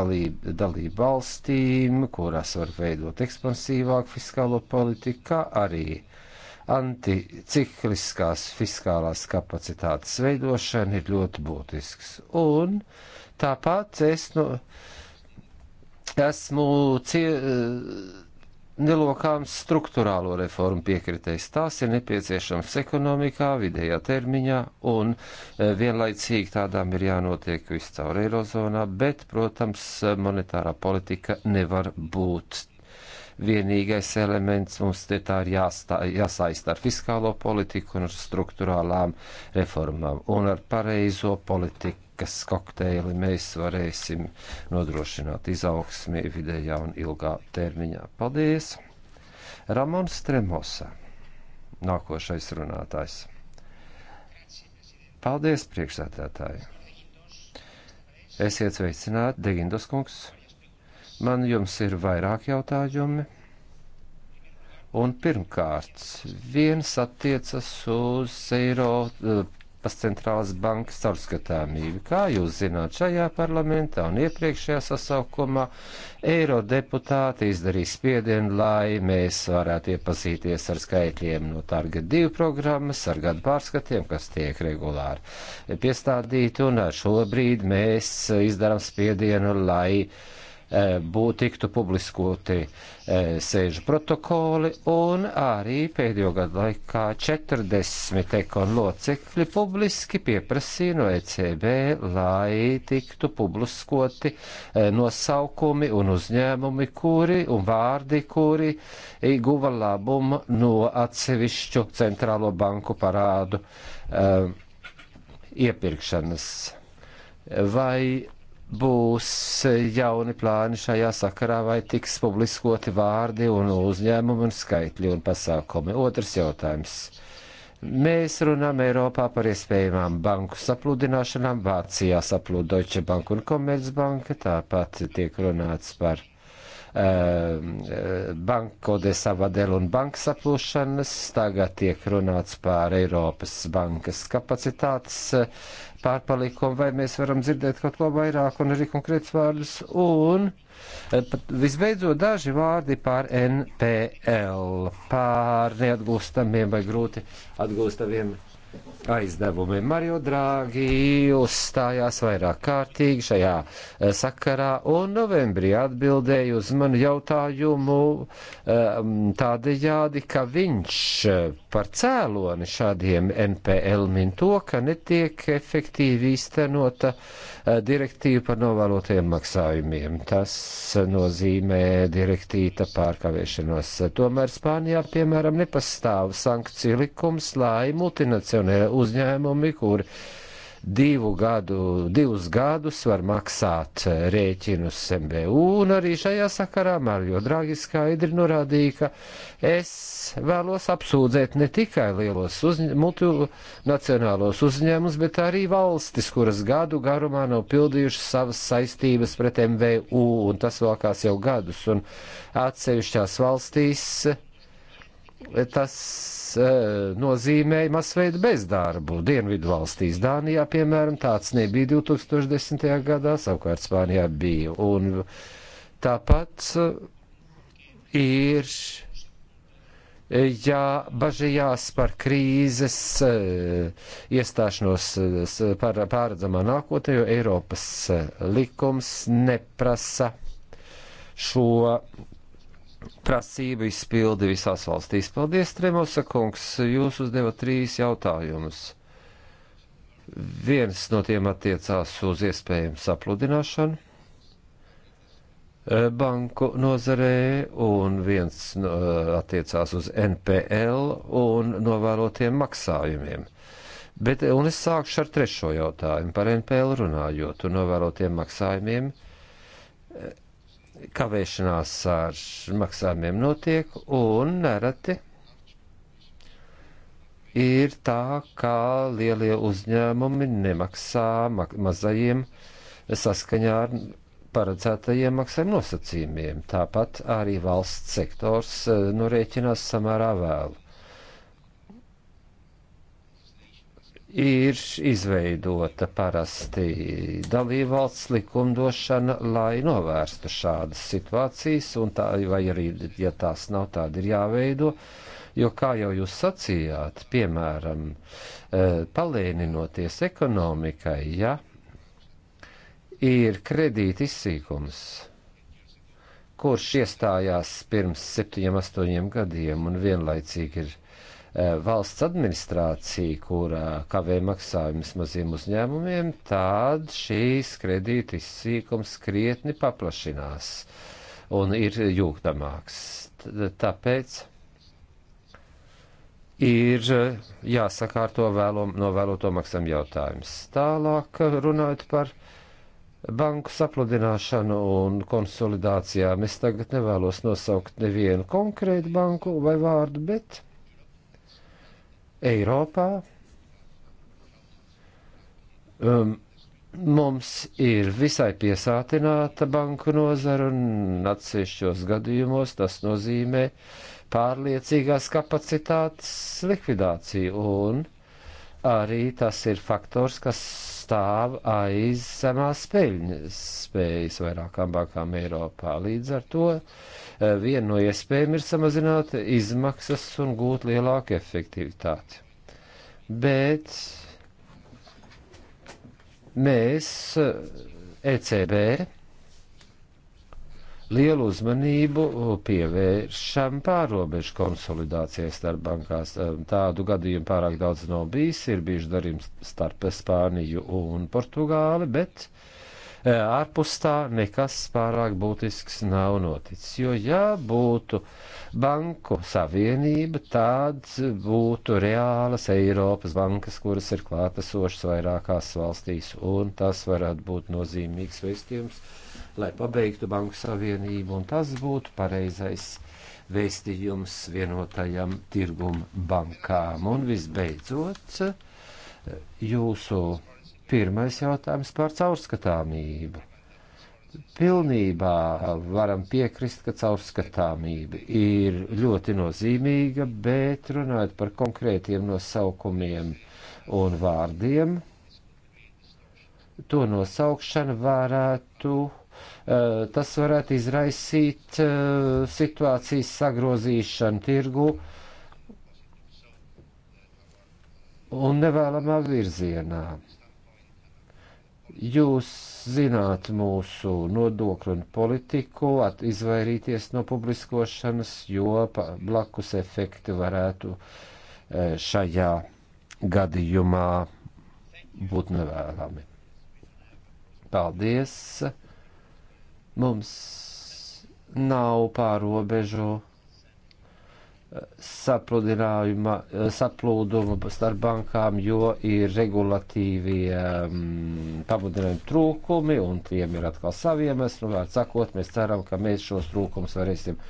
dalību valstīm, kurās var veidot ekspansīvāku fiskālo politiku, kā arī anticikliskās fiskālās kapacitātes veidošana ir ļoti būtisks. Un tāpat es nu, esmu cie, nelokāms struktūrālo reformu piekritējs. Tās ir nepieciešams ekonomikā, vidējā termiņā un e, vienlaicīgi tādām ir jānotiek viscaur eirozonā, bet, protams, monetārā politika nevar būt. Vienīgais elements mums te tā ir jāstā, jāsaista ar fiskālo politiku un ar struktūrālām reformām un ar pareizo politiku politikas kokteili mēs varēsim nodrošināt izaugsmi vidējā un ilgā termiņā. Paldies! Ramons Tremosa, nākošais runātājs. Paldies, priekšsētētāji! Esiet sveicināti, Degindos kungs! Man jums ir vairāk jautājumi. Un pirmkārt, viens attiecas uz eiro eh, Eiropas centrālās bankas caurskatāmību. Kā jūs zināt, šajā parlamentā un iepriekšējā sasaukumā eiro deputāti izdarīja spiedienu, lai mēs varētu iepazīties ar skaitļiem no Targa 2 programmas, ar gadu pārskatiem, kas tiek regulāri piestādīti, un šobrīd mēs izdarām spiedienu, lai Eh, būt, tiktu publiskoti eh, sēžu protokoli, un arī pēdējo gadu laikā 40 ekonu locekļi publiski pieprasīja no ECB, lai tiktu publiskoti eh, nosaukumi un uzņēmumi, kuri un vārdi, kuri guva labumu no atsevišķu centrālo banku parādu um, iepirkšanas. Vai būs jauni plāni šajā sakarā vai tiks publiskoti vārdi un uzņēmumi un skaitļi un pasākumi? Otrs jautājums. Mēs runām Eiropā par iespējamām banku sapludināšanām. Vācijā saplūda Deutsche Bank un Commerzbanka, tāpat tiek runāts par uh, Ehm, Banko de Savadel un bankas aplūšanas. Tagad tiek runāts par Eiropas bankas kapacitātes eh, pārpalikumu, vai mēs varam dzirdēt kaut ko vairāk un arī konkrēts vārdus. Un eh, visbeidzot daži vārdi par NPL, par neatgūstamiem vai grūti atgūstamiem aizdevumiem. Mario Draghi uzstājās vairāk kārtīgi šajā eh, sakarā un novembrī atbildēja uz manu jautājumu eh, tādējādi, ka viņš eh, par cēloni šādiem NPL min to, ka netiek efektīvi īstenota uh, Eh, direktīvu par novēlotajiem maksājumiem. Tas nozīmē direktīta pārkavēšanos. Tomēr Spānijā, piemēram, nepastāv sankciju likums, lai multinacionālie uzņēmumi, kuri divu gadu, divus gadus var maksāt rēķinus MBU, un arī šajā sakarā Mario Draghi skaidri norādīja, ka es vēlos apsūdzēt ne tikai lielos uzņ multinacionālos uzņēmumus, bet arī valstis, kuras gadu garumā nav pildījušas savas saistības pret MVU, un tas vēl kās jau gadus, un atsevišķās valstīs tas uh, e, nozīmēja masveidu bezdarbu. Dienvidu valstīs Dānijā, piemēram, tāds nebija 2010. gadā, savukārt Spānijā bija. Un tāpat uh, ir e, ja bažījās par krīzes e, iestāšanos par pārredzamā nākotnē, jo Eiropas likums neprasa šo prasību izpildi visās valstīs. Paldies, Tremosa kungs, jūs uzdevat trīs jautājumus. Viens no tiem attiecās uz iespējumu sapludināšanu eh, banku nozarē, un viens eh, attiecās uz NPL un novēlotiem maksājumiem. Bet, un es sākšu ar trešo jautājumu par NPL runājot un novēlotiem maksājumiem kavēšanās ar maksājumiem notiek, un nereti ir tā, ka lielie uzņēmumi nemaksā ma mazajiem saskaņā ar paredzētajiem maksājuma nosacījumiem. Tāpat arī valsts sektors eh, norēķinās samērā vēlu. ir izveidota parasti dalībvalsts likumdošana, lai novērstu šādas situācijas, un tā, vai arī, ja tās nav, tāda ir jāveido, jo, kā jau jūs sacījāt, piemēram, eh, palēninoties ekonomikai, ja ir kredīti izsīkums, kurš iestājās pirms septiņiem, astoņiem gadiem un vienlaicīgi ir Eh, valsts administrācija, kurā kavē maksājumus maziem uzņēmumiem, tad šīs kredīta izsīkums krietni paplašinās un ir jūgtamāks. Tāpēc ir eh, jāsakārto vēlo, no vēloto maksājumu jautājums. Tālāk eh, runājot par banku sapludināšanu un konsolidācijām, es tagad nevēlos nosaukt nevienu konkrētu banku vai vārdu, bet Eiropā. Um, mums ir visai piesātināta banku nozara un atsevišķos gadījumos tas nozīmē pārliecīgās kapacitātes likvidāciju un arī tas ir faktors, kas stāv aiz zemās peļņas spējas vairākām bankām Eiropā. Līdz ar to eh, viena no iespējām ir samazināt izmaksas un gūt lielāku efektivitāti. Bet mēs ECB eh, e lielu uzmanību pievēršam pārobežu konsolidācijai starp bankās. Tādu gadījumu pārāk daudz nav bijis, ir bijuši darījums starp Spāniju un Portugāli, bet e, ārpus tā nekas pārāk būtisks nav noticis. Jo, ja būtu banku savienība, tāds būtu reālas Eiropas bankas, kuras ir klātesošas vairākās valstīs, un tas varētu būt nozīmīgs veistījums lai pabeigtu Banku Savienību, un tas būtu pareizais vēstījums vienotajam tirgum bankām. Un visbeidzot, jūsu pirmais jautājums par caurskatāmību. Pilnībā varam piekrist, ka caurskatāmība ir ļoti nozīmīga, bet runājot par konkrētiem nosaukumiem un vārdiem, to nosaukšana varētu uh, Eh, tas varētu izraisīt eh, situācijas sagrozīšanu tirgu un nevēlamā virzienā. Jūs zināt mūsu nodokļu un politiku, izvairīties no publiskošanas, jo blakus efekti varētu eh, šajā gadījumā būt nevēlami. Paldies! Mums nav pārobežu eh, sapludinājuma, eh, saplūduma starp bankām, jo ir regulatīvie um, mm, pamudinājumi trūkumi, un tiem ir atkal savi iemesli. Nu, Vārds sakot, mēs ceram, ka mēs šos trūkumus varēsim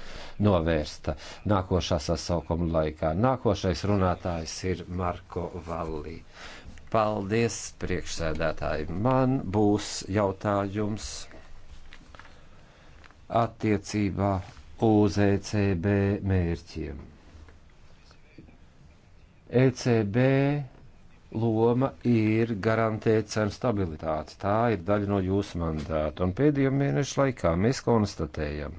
novērst nākošā sasaukuma laikā. Nākošais runātājs ir Marko Vallī. Paldies, priekšsēdētāji. Man būs jautājums attiecībā uz ECB mērķiem. ECB loma ir garantēt cenu stabilitāti. Tā ir daļa no jūsu mandāta. Un pēdējo mēnešu laikā mēs konstatējam,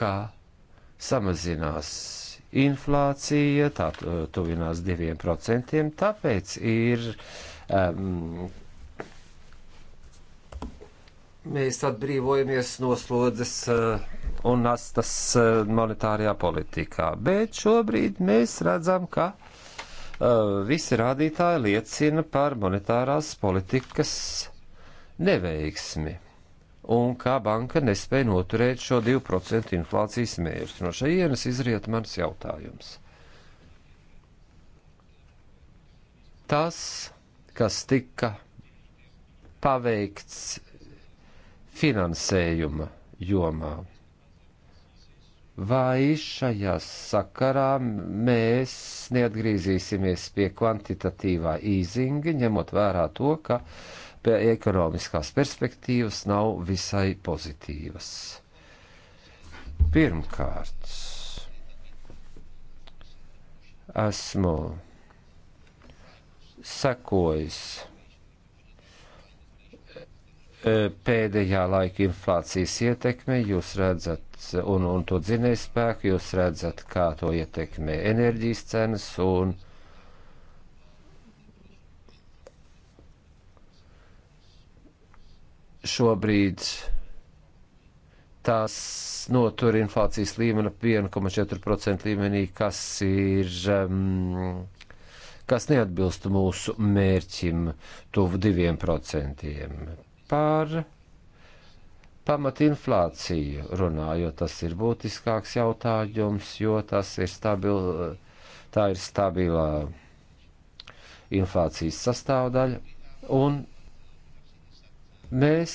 ka samazinās inflācija, tā tuvinās diviem procentiem, tāpēc ir um, mēs atbrīvojamies no slodzes eh, un nastas eh, monetārajā politikā. Bet šobrīd mēs redzam, ka eh, visi rādītāji liecina par monetārās politikas neveiksmi un kā banka nespēja noturēt šo 2% inflācijas mērķi. No šejienes izriet mans jautājums. Tas, kas tika paveikts finansējuma jomā. Vai šajā sakarā mēs neatgriezīsimies pie kvantitatīvā īzinga, ņemot vērā to, ka pie ekonomiskās perspektīvas nav visai pozitīvas? Pirmkārt, esmu sekojis E, pēdējā laika inflācijas ietekme, jūs redzat, un, un to dzinēju spēku, jūs redzat, kā to ietekmē enerģijas cenas un šobrīd tās notur inflācijas līmeni 1,4% līmenī, kas ir. Um, kas neatbilst mūsu mērķim tuvu diviem procentiem par pamatinflāciju runā, jo tas ir būtiskāks jautājums, jo tas ir stabil, tā ir stabilā inflācijas sastāvdaļa. Un mēs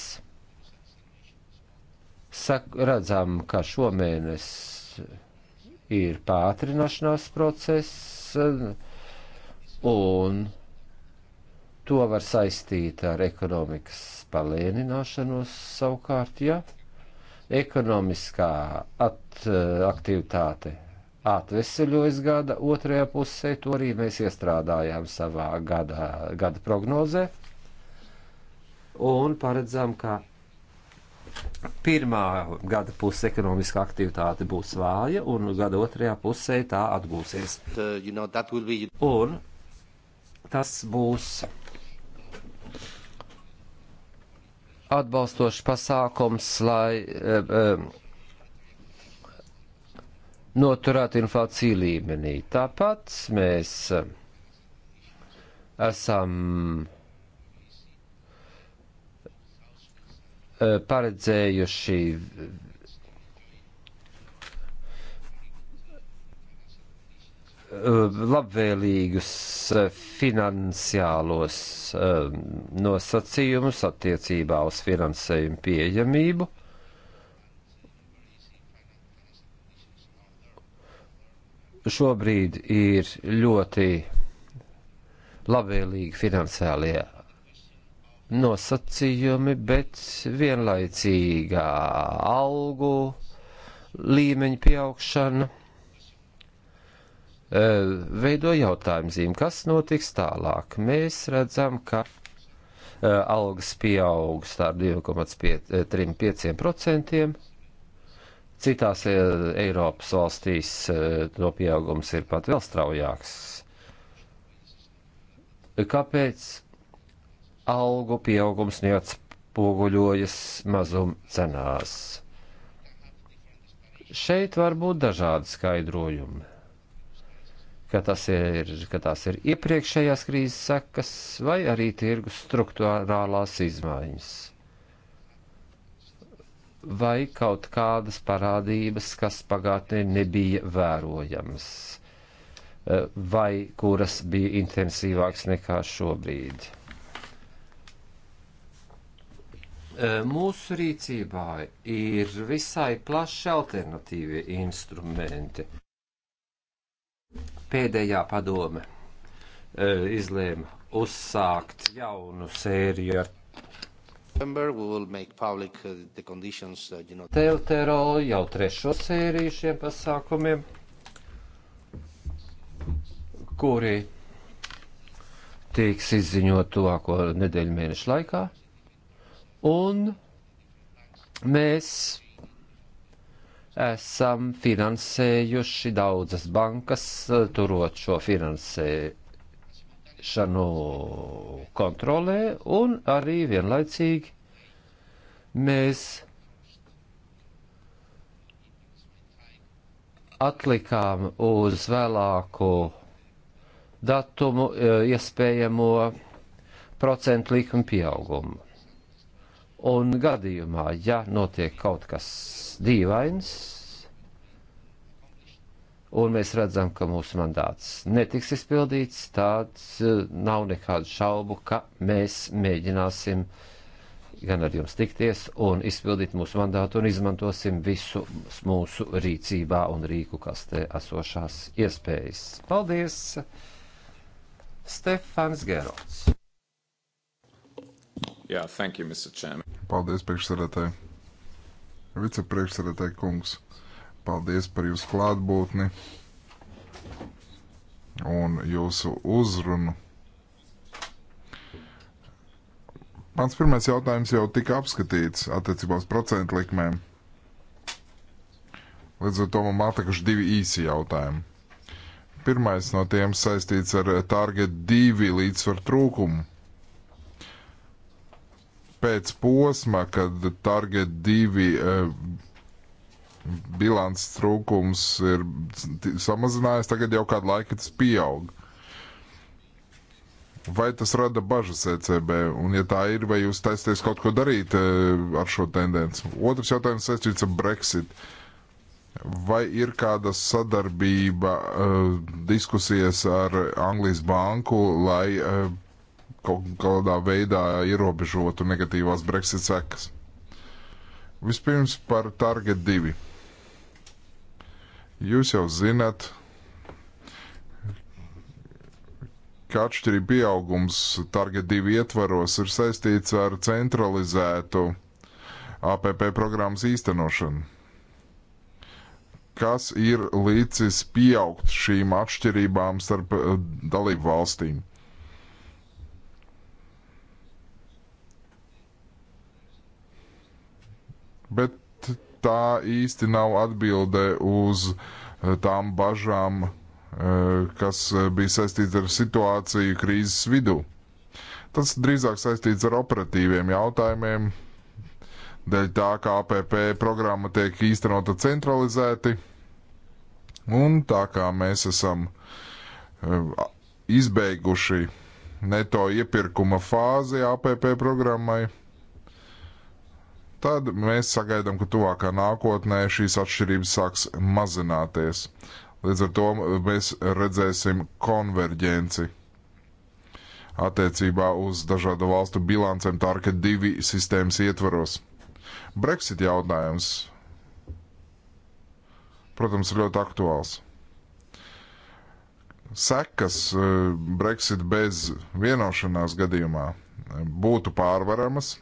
sak, redzam, ka šomēnes ir pātrināšanās process un to var saistīt ar ekonomikas palēnināšanos savukārt, ja ekonomiskā at, aktivitāte atveseļojas gada otrajā pusē, to arī mēs iestrādājām savā gada, gada prognozē un paredzam, ka pirmā gada puse ekonomiskā aktivitāte būs vāja un gada otrajā pusē tā atgūsies. Uh, you know, be... Un tas būs atbalstošs pasākums, lai uh, uh, noturētu inflāciju līmenī. Tāpat mēs eh, esam paredzējuši Eh, labvēlīgus eh, finansiālos eh, nosacījumus attiecībā uz finansējumu pieejamību. Šobrīd ir ļoti labvēlīgi finansiālie nosacījumi, bet vienlaicīgā algu līmeņa pieaugšana Eh, veido jautājumu zīmi, kas notiks tālāk. Mēs redzam, ka eh, algas pieaugs ar 2,35%. Eh, Citās Eiropas valstīs to pieaugums ir pat vēl straujāks. Kāpēc algu pieaugums neatspoguļojas mazum cenās? Šeit var būt dažādi skaidrojumi ka, tas ir, ka tās ir iepriekšējās krīzes sekas vai arī tirgus struktūrālās izmaiņas. Vai kaut kādas parādības, kas pagātnē nebija vērojamas, eh, vai kuras bija intensīvākas nekā šobrīd. Eh, mūsu rīcībā ir visai plaši alternatīvie instrumenti pēdējā padome e, izlēma uzsākt jaunu sēriju ar uh, uh, Telterolu jau trešo sēriju šiem pasākumiem, kuri tiks izziņot tuvāko nedēļu mēnešu laikā. Un mēs esam finansējuši daudzas bankas, eh, turot šo finansēšanu kontrolē, un arī vienlaicīgi mēs atlikām uz vēlāku datumu eh, iespējamo procentu likuma pieaugumu. Un gadījumā, ja notiek kaut kas dīvains, un mēs redzam, ka mūsu mandāts netiks izpildīts, tad eh, nav nekādu šaubu, ka mēs mēģināsim gan ar jums tikties un izpildīt mūsu mandātu un izmantosim visu mūsu rīcībā un rīku kastē esošās iespējas. Paldies! Stefans Gerots. Yeah, thank you, Mr. Chairman. Paldies, priekšsēdētāji. Vicepriekšsēdētāji kungs, paldies par jūsu klātbūtni un jūsu uzrunu. Mans pirmais jautājums jau tika apskatīts attiecībā uz procentu likmēm. Līdz ar to man atlikuši divi īsi jautājumi. Pirmais no tiem saistīts ar Target 2 līdzsvaru trūkumu pēc posma, kad target divi eh, bilants trūkums ir samazinājies, tagad jau kādu laiku tas pieaug. Vai tas rada bažas ECB, un ja tā ir, vai jūs taisties kaut ko darīt eh, ar šo tendenci? Otrs jautājums saistīts ar Brexit. Vai ir kāda sadarbība, eh, diskusijas ar Anglijas banku, lai kaut kādā veidā ierobežotu negatīvās Brexit sekas. Vispirms par Target 2. Jūs jau zinat, ka atšķirība pieaugums Target 2 ietvaros ir saistīts ar centralizētu APP programmas īstenošanu kas ir līdzis pieaugt šīm atšķirībām starp eh, dalību valstīm. bet tā īsti nav atbilde uz eh, tām bažām, eh, kas eh, bija saistīts ar situāciju krīzes vidū. Tas drīzāk saistīts ar operatīviem jautājumiem, dēļ tā, ka APP programma tiek īstenota centralizēti, un tā kā mēs esam izbeiguši neto iepirkuma fāzi APP programmai tad mēs sagaidām, ka tuvākā nākotnē šīs atšķirības sāks mazināties. Līdz ar to mēs redzēsim konverģenci attiecībā uz dažādu valstu bilancēm, tā ka divi sistēmas ietvaros. Brexit jautājums, protams, ir ļoti aktuāls. Sekas eh, Brexit bez vienošanās gadījumā būtu pārvaramas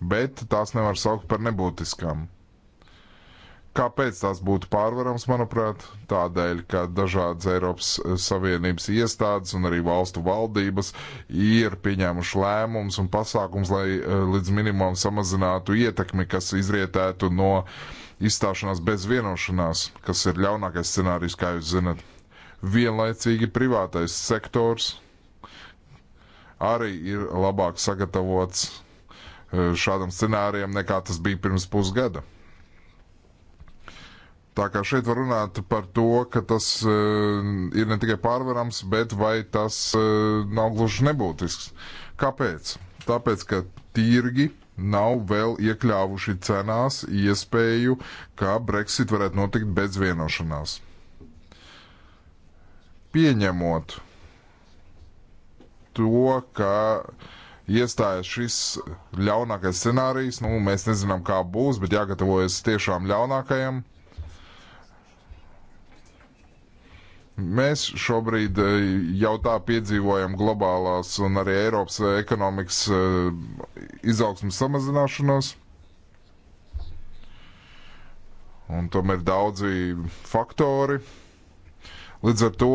bet tās nevar saukt par nebūtiskām. Kāpēc tās būtu pārvarams, manuprāt? Tādēļ, ka dažādas Eiropas Savienības iestādes un arī valstu valdības ir pieņēmuši lēmumus un pasākums, lai eh, līdz minimumam samazinātu ietekmi, kas izrietētu no izstāšanās bez vienošanās, kas ir ļaunākais scenārijs, kā jūs zinat. Vienlaicīgi privātais sektors arī ir labāk sagatavots Eh, šādam scenārijam nekā tas bija pirms pusgada. Tā kā šeit var runāt par to, ka tas uh, ir ne tikai pārvarams, bet vai tas uh, nav gluži nebūtisks. Kāpēc? Tāpēc, ka tirgi nav vēl iekļāvuši cenās iespēju, ka Brexit varētu notikt bez vienošanās. Pieņemot to, ka uh, iestājas šis ļaunākais scenārijs. Nu, mēs nezinām, kā būs, bet jāgatavojas tiešām ļaunākajam. Mēs šobrīd eh, jau tā piedzīvojam globālās un arī Eiropas eh, ekonomikas eh, izaugsmas samazināšanos. Un tam ir daudzi faktori. Līdz ar to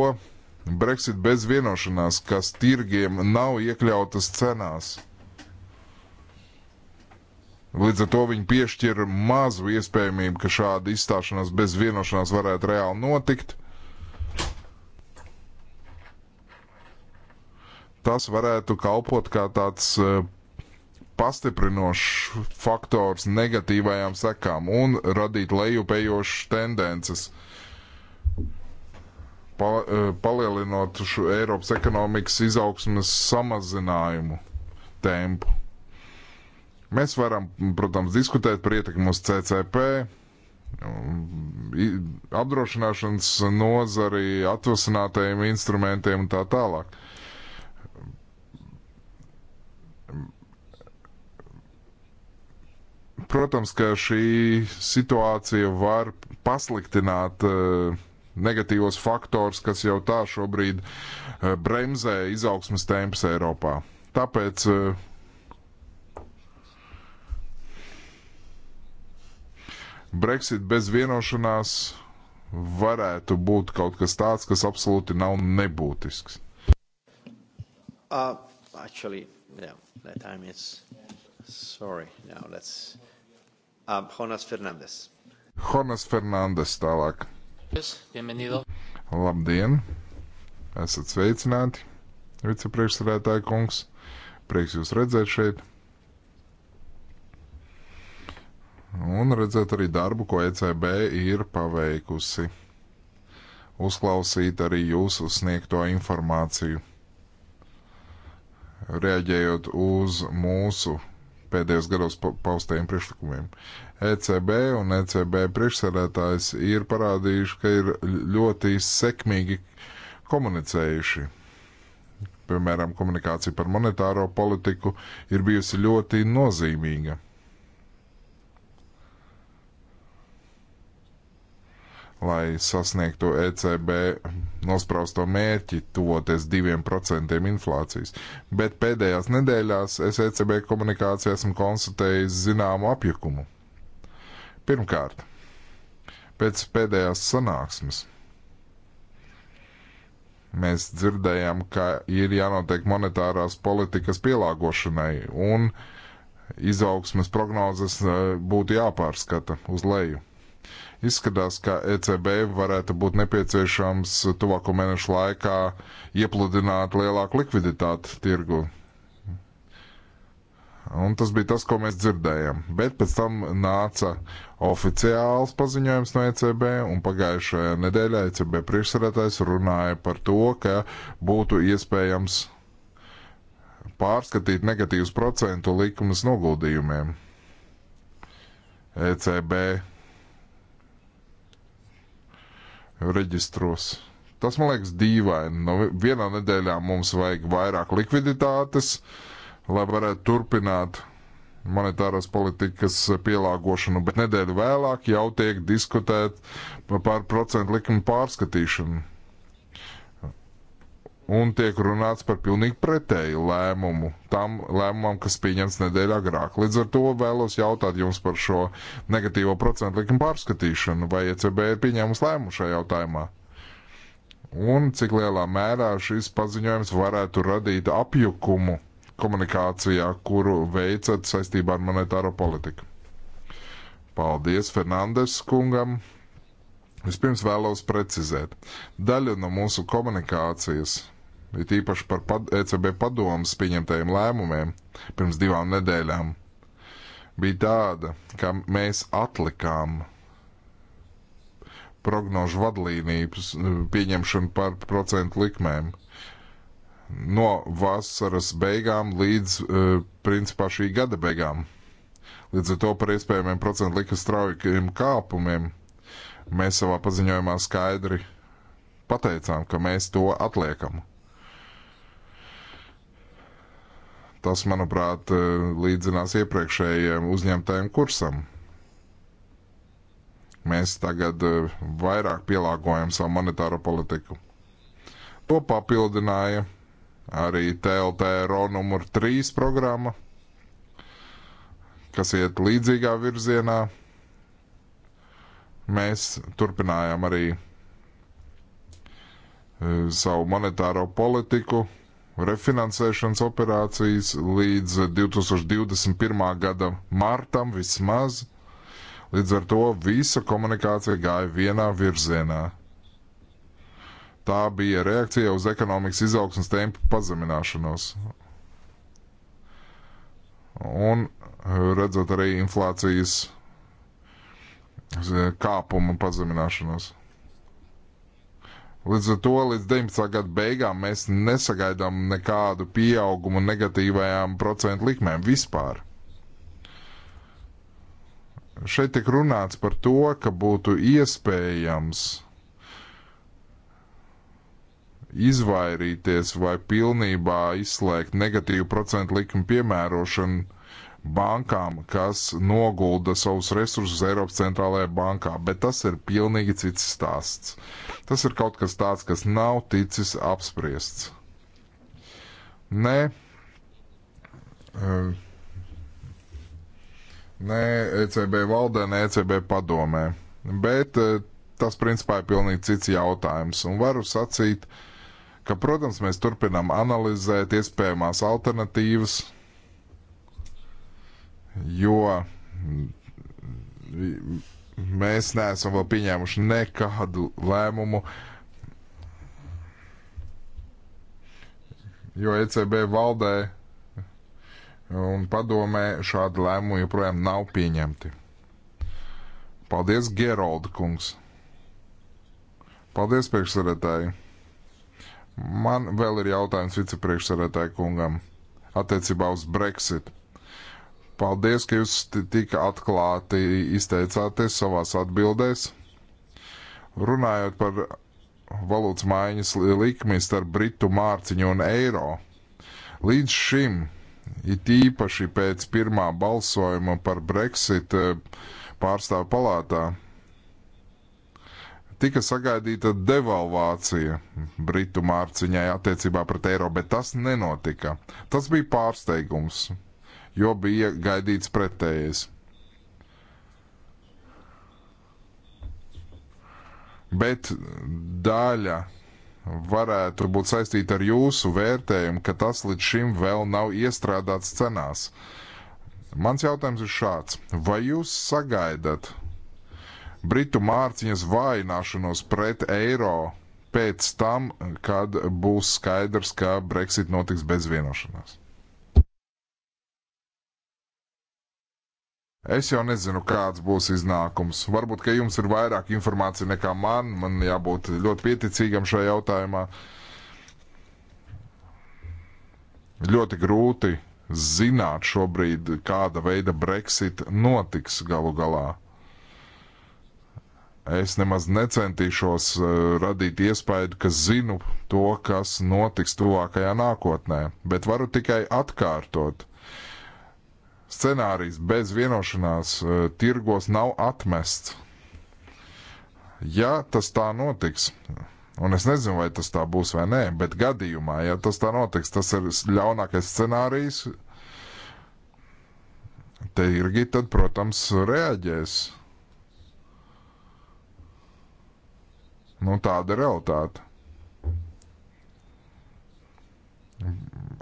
Brexit bez vienošanās, kas tirgiem nav iekļautas cenās. Līdz ar to viņi piešķir mazu iespējamību, ka šāda izstāšanās bez vienošanās varētu reāli notikt. Tas varētu kalpot kā tāds eh, pastiprinošs faktors negatīvajām sekām un radīt lejupējošas tendences. Uh, pa, e, palielinot šo Eiropas ekonomikas izaugsmas samazinājumu tempu. Mēs varam, protams, diskutēt par ietekmu uz CCP, um, apdrošināšanas nozari, atvasinātajiem instrumentiem un tā tālāk. Protams, ka šī situācija var pasliktināt uh, negatīvos faktors, kas jau tā šobrīd eh, bremzē izaugsmas temps Eiropā. Tāpēc eh, Brexit bez vienošanās varētu būt kaut kas tāds, kas absolūti nav nebūtisks. Uh, actually, yeah, that time is sorry. Now let's um, Jonas Fernandes. Jonas Fernandes tālāk. Bienvenido. Labdien! Esat sveicināti, vicepriekšsēdētāja kungs. Prieks jūs redzēt šeit. Un redzēt arī darbu, ko ECB ir paveikusi. Uzklausīt arī jūsu sniegto informāciju reaģējot uz mūsu pēdējos gados paustajiem priekšlikumiem. ECB un ECB priekšsēdētājs ir parādījuši, ka ir ļoti sekmīgi komunicējuši. Piemēram, komunikācija par monetāro politiku ir bijusi ļoti nozīmīga. lai sasniegtu ECB nosprausto mērķi, tuvoties 2% inflācijas. Bet pēdējās nedēļās es ECB komunikācijā esmu konstatējis zināmu apjukumu. Pirmkārt, pēc pēdējās sanāksmes mēs dzirdējām, ka ir jānotiek monetārās politikas pielāgošanai un izaugsmas prognozes eh, būtu jāpārskata uz leju. Izskatās, ka ECB varētu būt nepieciešams tuvāko mēnešu laikā iepludināt lielāku likviditāti tirgu. Un tas bija tas, ko mēs dzirdējām. Bet pēc tam nāca oficiāls paziņojums no ECB, un pagājušajā nedēļā ECB priekšsēdētājs runāja par to, ka būtu iespējams pārskatīt negatīvas procentu likumus noguldījumiem. ECB reģistros. Tas man liekas dīvaini. No nu, vienā nedēļā mums vajag vairāk likviditātes, lai varētu turpināt monetāras politikas pielāgošanu, bet nedēļu vēlāk jau tiek diskutēt par procentu likumu pārskatīšanu un tiek runāts par pilnīgi pretēju lēmumu tam lēmumam, kas pieņems nedēļa agrāk. Līdz ar to vēlos jautāt jums par šo negatīvo procentu likumu pārskatīšanu, vai ECB ir pieņēmusi lēmumu šajā jautājumā. Un cik lielā mērā šis paziņojums varētu radīt apjukumu komunikācijā, kuru veicat saistībā ar monetāro politiku. Paldies Fernandes kungam! Vispirms vēlos precizēt. Daļa no mūsu komunikācijas it īpaši par pad ECB padomus pieņemtajiem lēmumiem pirms divām nedēļām, bija tāda, ka mēs atlikām prognožu vadlīnības eh, pieņemšanu par procentu likmēm no vasaras beigām līdz, eh, principā, šī gada beigām. Līdz ar to par iespējamiem procentu likas straujiem kāpumiem mēs savā paziņojumā skaidri pateicām, ka mēs to atliekam. Tas, manuprāt, e, līdzinās iepriekšējiem uzņemtajiem kursam. Mēs tagad e, vairāk pielāgojam savu monetāro politiku. To papildināja arī TLTRO numur 3 programma, kas iet līdzīgā virzienā. Mēs turpinājām arī e, savu monetāro politiku, refinansēšanas operācijas līdz 2021. gada martam vismaz. Līdz ar to visa komunikācija gāja vienā virzienā. Tā bija reakcija uz ekonomikas izaugsmas tempu pazemināšanos. Un redzot arī inflācijas kāpuma pazemināšanos. Līdz ar to līdz 19. gada beigām mēs nesagaidām nekādu pieaugumu negatīvajām procentu likmēm vispār. Šeit tiek runāts par to, ka būtu iespējams izvairīties vai pilnībā izslēgt negatīvu procentu likumu piemērošanu bankām, kas nogulda savus resursus Eiropas centrālajā bankā, bet tas ir pilnīgi cits stāsts. Tas ir kaut kas tāds, kas nav ticis apspriests. Nē, ehm. nē ECB valdē, nē ECB padomē, bet eh, tas principā ir pilnīgi cits jautājums, un varu sacīt, uh, ka, protams, mēs turpinām analizēt iespējamās alternatīvas, jo mēs neesam vēl pieņēmuši nekādu lēmumu, jo ECB valdē un padomē šādu lēmumu joprojām nav pieņemti. Paldies, Gerolda kungs! Paldies, priekšsēdētāji! Man vēl ir jautājums vicepriekšsarētāju kungam attiecībā uz Brexit. Paldies, ka jūs tik atklāti izteicāties savās atbildēs. Runājot par valūtas maiņas likmi starp britu mārciņu un eiro, līdz šim, it īpaši pēc pirmā balsojuma par Brexit eh, pārstāvu palātā, tika sagaidīta devalvācija Britu mārciņai attiecībā pret eiro, bet tas nenotika. Tas bija pārsteigums, jo bija gaidīts pretējais. Bet daļa varētu būt saistīta ar jūsu vērtējumu, ka tas līdz šim vēl nav iestrādāts cenās. Mans jautājums ir šāds. Vai jūs sagaidat, Britu mārciņas vājināšanos pret eiro pēc tam, kad būs skaidrs, ka Brexit notiks bez vienošanās. Es jau nezinu, kāds būs iznākums. Varbūt, ka jums ir vairāk informācija nekā man. Man jābūt ļoti pieticīgam šajā jautājumā. Ļoti grūti zināt šobrīd, kāda veida Brexit notiks galu galā. Es nemaz necentīšos eh, radīt iespēju, ka zinu to, kas notiks tuvākajā nākotnē, bet varu tikai atkārtot. Scenārijs bez vienošanās eh, tirgos nav atmests. Ja tas tā notiks, Un es nezinu, vai tas tā būs vai nē, bet gadījumā, ja tas tā notiks, tas ir ļaunākais scenārijs. Tirgi tad, protams, reaģēs. Nu, tāda ir realitāte.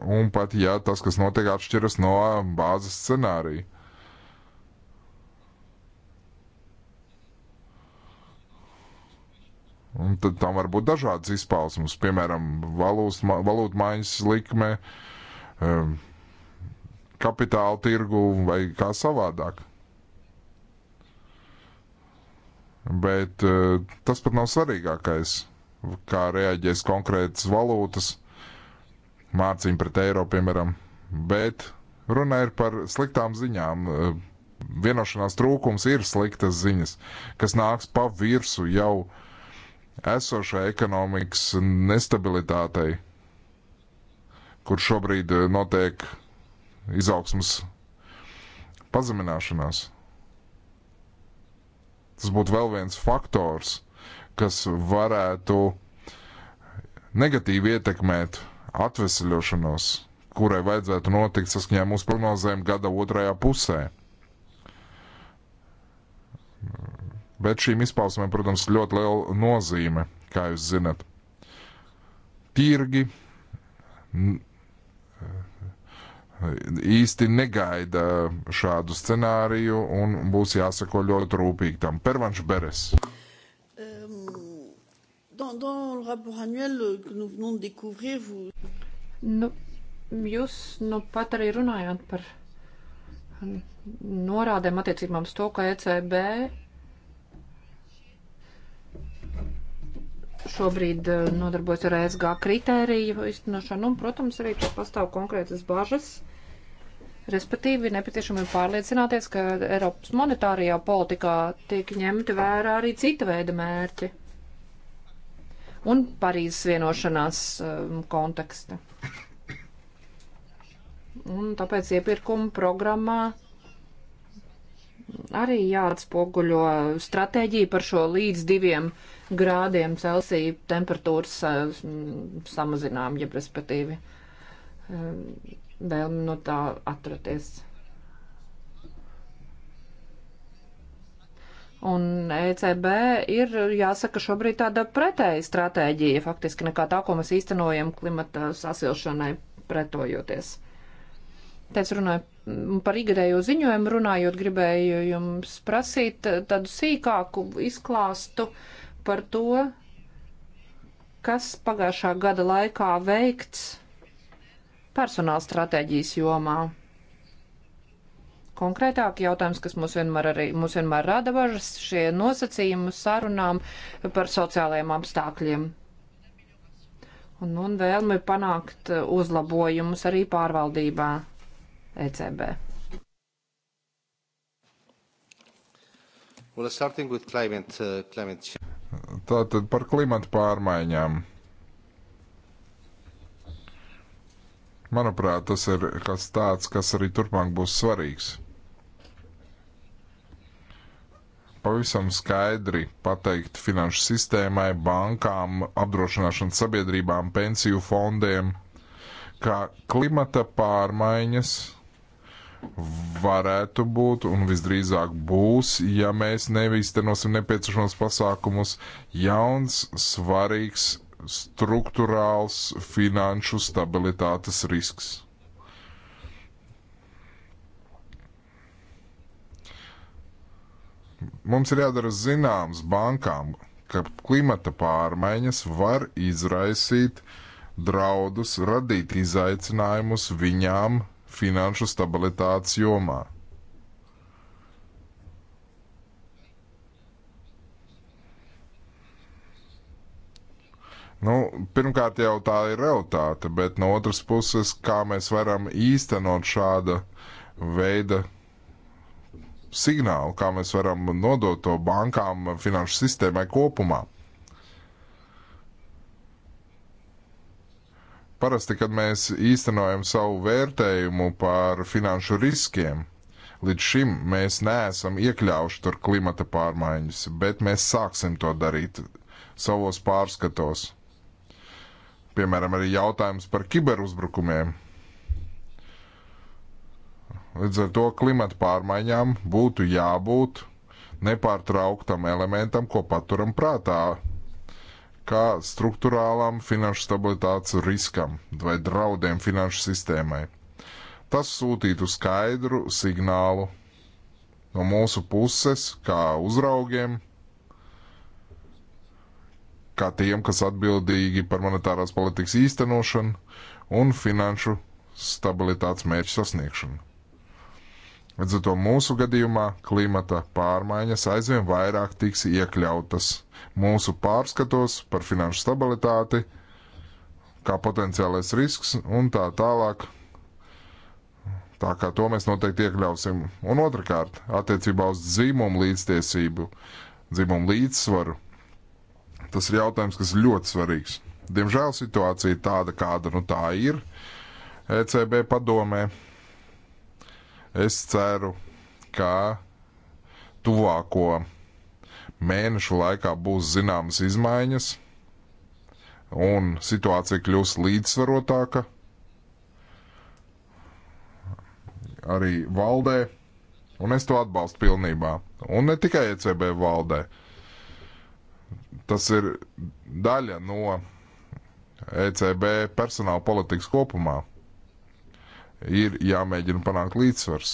Un pat ja tas, kas notiek, atšķiras no bāzes scenārija. Un tad tam var būt dažādas izpausmes, piemēram, valūtu maiņas likme, ehm, kapitāla tirgu vai kā savādāk. Bet eh, tas pat nav svarīgākais, kā reaģēs konkrētas valūtas, mārciņa pret eiro, piemēram. Bet runa ir par sliktām ziņām. Eh, vienošanās trūkums ir sliktas ziņas, kas nāks pa virsu jau esošai ekonomikas nestabilitātei, kur šobrīd eh, notiek izaugsmas pazemināšanās. Tas būtu vēl viens faktors, kas varētu negatīvi ietekmēt atvesļošanos, kurai vajadzētu notikt saskaņā mūsu prognozēm gada otrajā pusē. Bet šīm izpausmēm, protams, ļoti liela nozīme, kā jūs zinat. Tirgi īsti negaida šādu scenāriju un būs jāsako ļoti rūpīgi tam. Pervanš Beres. Nu, jūs nu pat arī runājāt par norādēm attiecībām uz to, ka ECB šobrīd eh, nodarbojas ar ESG kritēriju iztenošanu, un, protams, arī tur pastāv konkrētas bažas Respektīvi, nepieciešami pārliecināties, ka Eiropas monetārajā politikā tiek ņemti vērā arī cita veida mērķi un Parīzes vienošanās um, konteksta. Un tāpēc iepirkuma programmā arī jāatspoguļo stratēģija par šo līdz diviem grādiem Celsija temperatūras uh, samazinām, jeb respektīvi. Um, vēlmi no tā atturēties. Un ECB ir, jāsaka, šobrīd tāda pretēja stratēģija faktiski nekā tā, ko mēs īstenojam klimata sasilšanai pretojoties. Tēc runāju par ikgadējo ziņojumu, runājot gribēju jums prasīt tādu sīkāku izklāstu par to, kas pagājušā gada laikā veikts personāla stratēģijas jomā. Konkrētāk jautājums, kas mūs vienmēr, arī, mūs vienmēr rada bažas, šie nosacījumi sarunām par sociālajiem apstākļiem. Un, un vēlmi panākt uzlabojumus arī pārvaldībā ECB. Well, climate, uh, climate... Tātad par klimatu pārmaiņām. Manuprāt, tas ir kas tāds, kas arī turpmāk būs svarīgs. Pavisam skaidri pateikt finanšu sistēmai, bankām, apdrošināšanas sabiedrībām, pensiju fondiem, ka klimata pārmaiņas varētu būt un visdrīzāk būs, ja mēs neiztenosim nepieciešamos pasākumus, jauns, svarīgs struktūrāls finanšu stabilitātes risks. Mums ir jādara zināms bankām, ka klimata pārmaiņas var izraisīt draudus, radīt izaicinājumus viņām finanšu stabilitātes jomā. Nu, pirmkārt, jau tā ir realitāte, bet no otras puses, kā mēs varam īstenot šāda veida signālu, kā mēs varam nodot to bankām, finanšu sistēmai kopumā. Parasti, kad mēs īstenojam savu vērtējumu par finanšu riskiem, līdz šim mēs neesam iekļāvuši tur klimata pārmaiņas, bet mēs sāksim to darīt savos pārskatos piemēram, arī jautājums par kiberuzbrukumiem. Līdz ar to klimata pārmaiņām būtu jābūt nepārtrauktam elementam, ko paturam prātā, kā struktūrālam finanšu stabilitātes riskam vai draudiem finanšu sistēmai. Tas sūtītu skaidru signālu no mūsu puses, kā uzraugiem, kā tiem, kas atbildīgi par monetārās politikas īstenošanu un finanšu stabilitātes mērķu sasniegšanu. Līdz ar to mūsu gadījumā klimata pārmaiņas aizvien vairāk tiks iekļautas mūsu pārskatos par finanšu stabilitāti, kā potenciālais risks un tā tālāk. Tā kā to mēs noteikti iekļausim. Un otrkārt, attiecībā uz dzimumu līdztiesību, dzimumu līdzsvaru Tas ir jautājums, kas ļoti svarīgs. Diemžēl situācija ir tāda, kāda nu tā ir ECB padomē. Es ceru, ka tuvāko mēnešu laikā būs zināmas izmaiņas un situācija kļūs līdzsvarotāka arī valdē, un es to atbalstu pilnībā. Un ne tikai ECB valdē. Uh, Tas ir daļa no ECB personāla politikas kopumā. Ir jāmēģina panākt līdzsvars,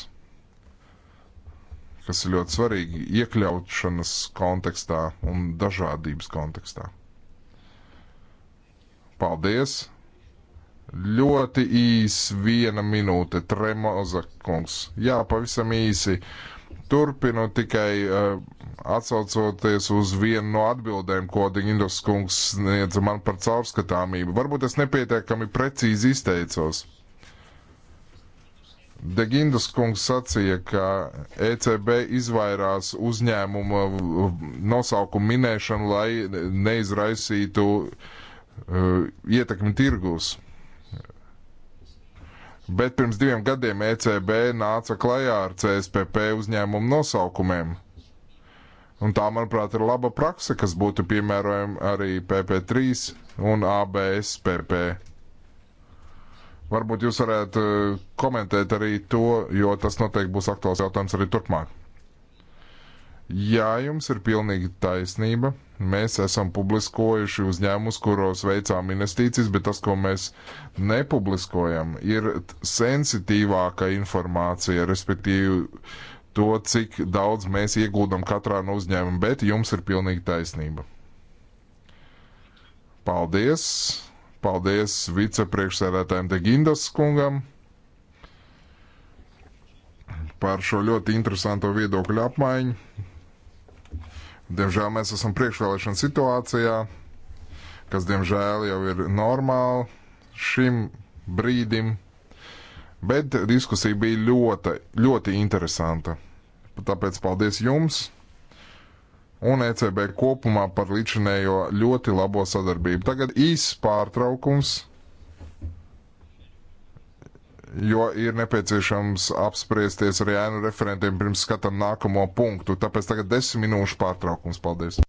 kas ir ļoti svarīgi iekļaušanas kontekstā un dažādības kontekstā. Paldies! Ļoti īsi viena minūte, Tremoza kungs. Jā, pavisam īsi. Turpinu tikai uh, atsaucoties uz vienu no atbildēm, ko Diņindus kungs sniedza man par caurskatāmību. Varbūt es nepietiekami precīzi izteicos. Degindus kungs sacīja, ka ECB izvairās uzņēmuma nosaukumu minēšanu, lai neizraisītu uh, ietekmi tirgus. Bet pirms diviem gadiem ECB nāca klajā ar CSPP uzņēmumu nosaukumiem. Un tā, manuprāt, ir laba praksa, kas būtu piemērojama arī PP3 un ABSPP. Varbūt jūs varētu eh, komentēt arī to, jo tas noteikti būs aktuāls jautājums arī turpmāk. Jā, jums ir pilnīgi taisnība. Mēs esam publiskojuši uzņēmumus, kuros veicām investīcijas, bet tas, ko mēs nepubliskojam, ir sensitīvāka informācija, respektīvi to, cik daudz mēs iegūdam katrā no uzņēmuma, bet jums ir pilnīgi taisnība. Paldies! Paldies vicepriekšsēdētājiem Degindas kungam par šo ļoti interesanto viedokļu apmaiņu. Diemžēl mēs esam priekšvēlēšana situācijā, kas diemžēl jau ir normāli šim brīdim. Bet diskusija bija ļoti, ļoti interesanta. Tāpēc paldies jums un ECB kopumā par līdzinējo ļoti labo sadarbību. Tagad īss pārtraukums, jo ir nepieciešams apspriesties ar ēnu referentiem pirms skatām nākamo punktu. Tāpēc tagad desmit minūšu pārtraukums. Paldies!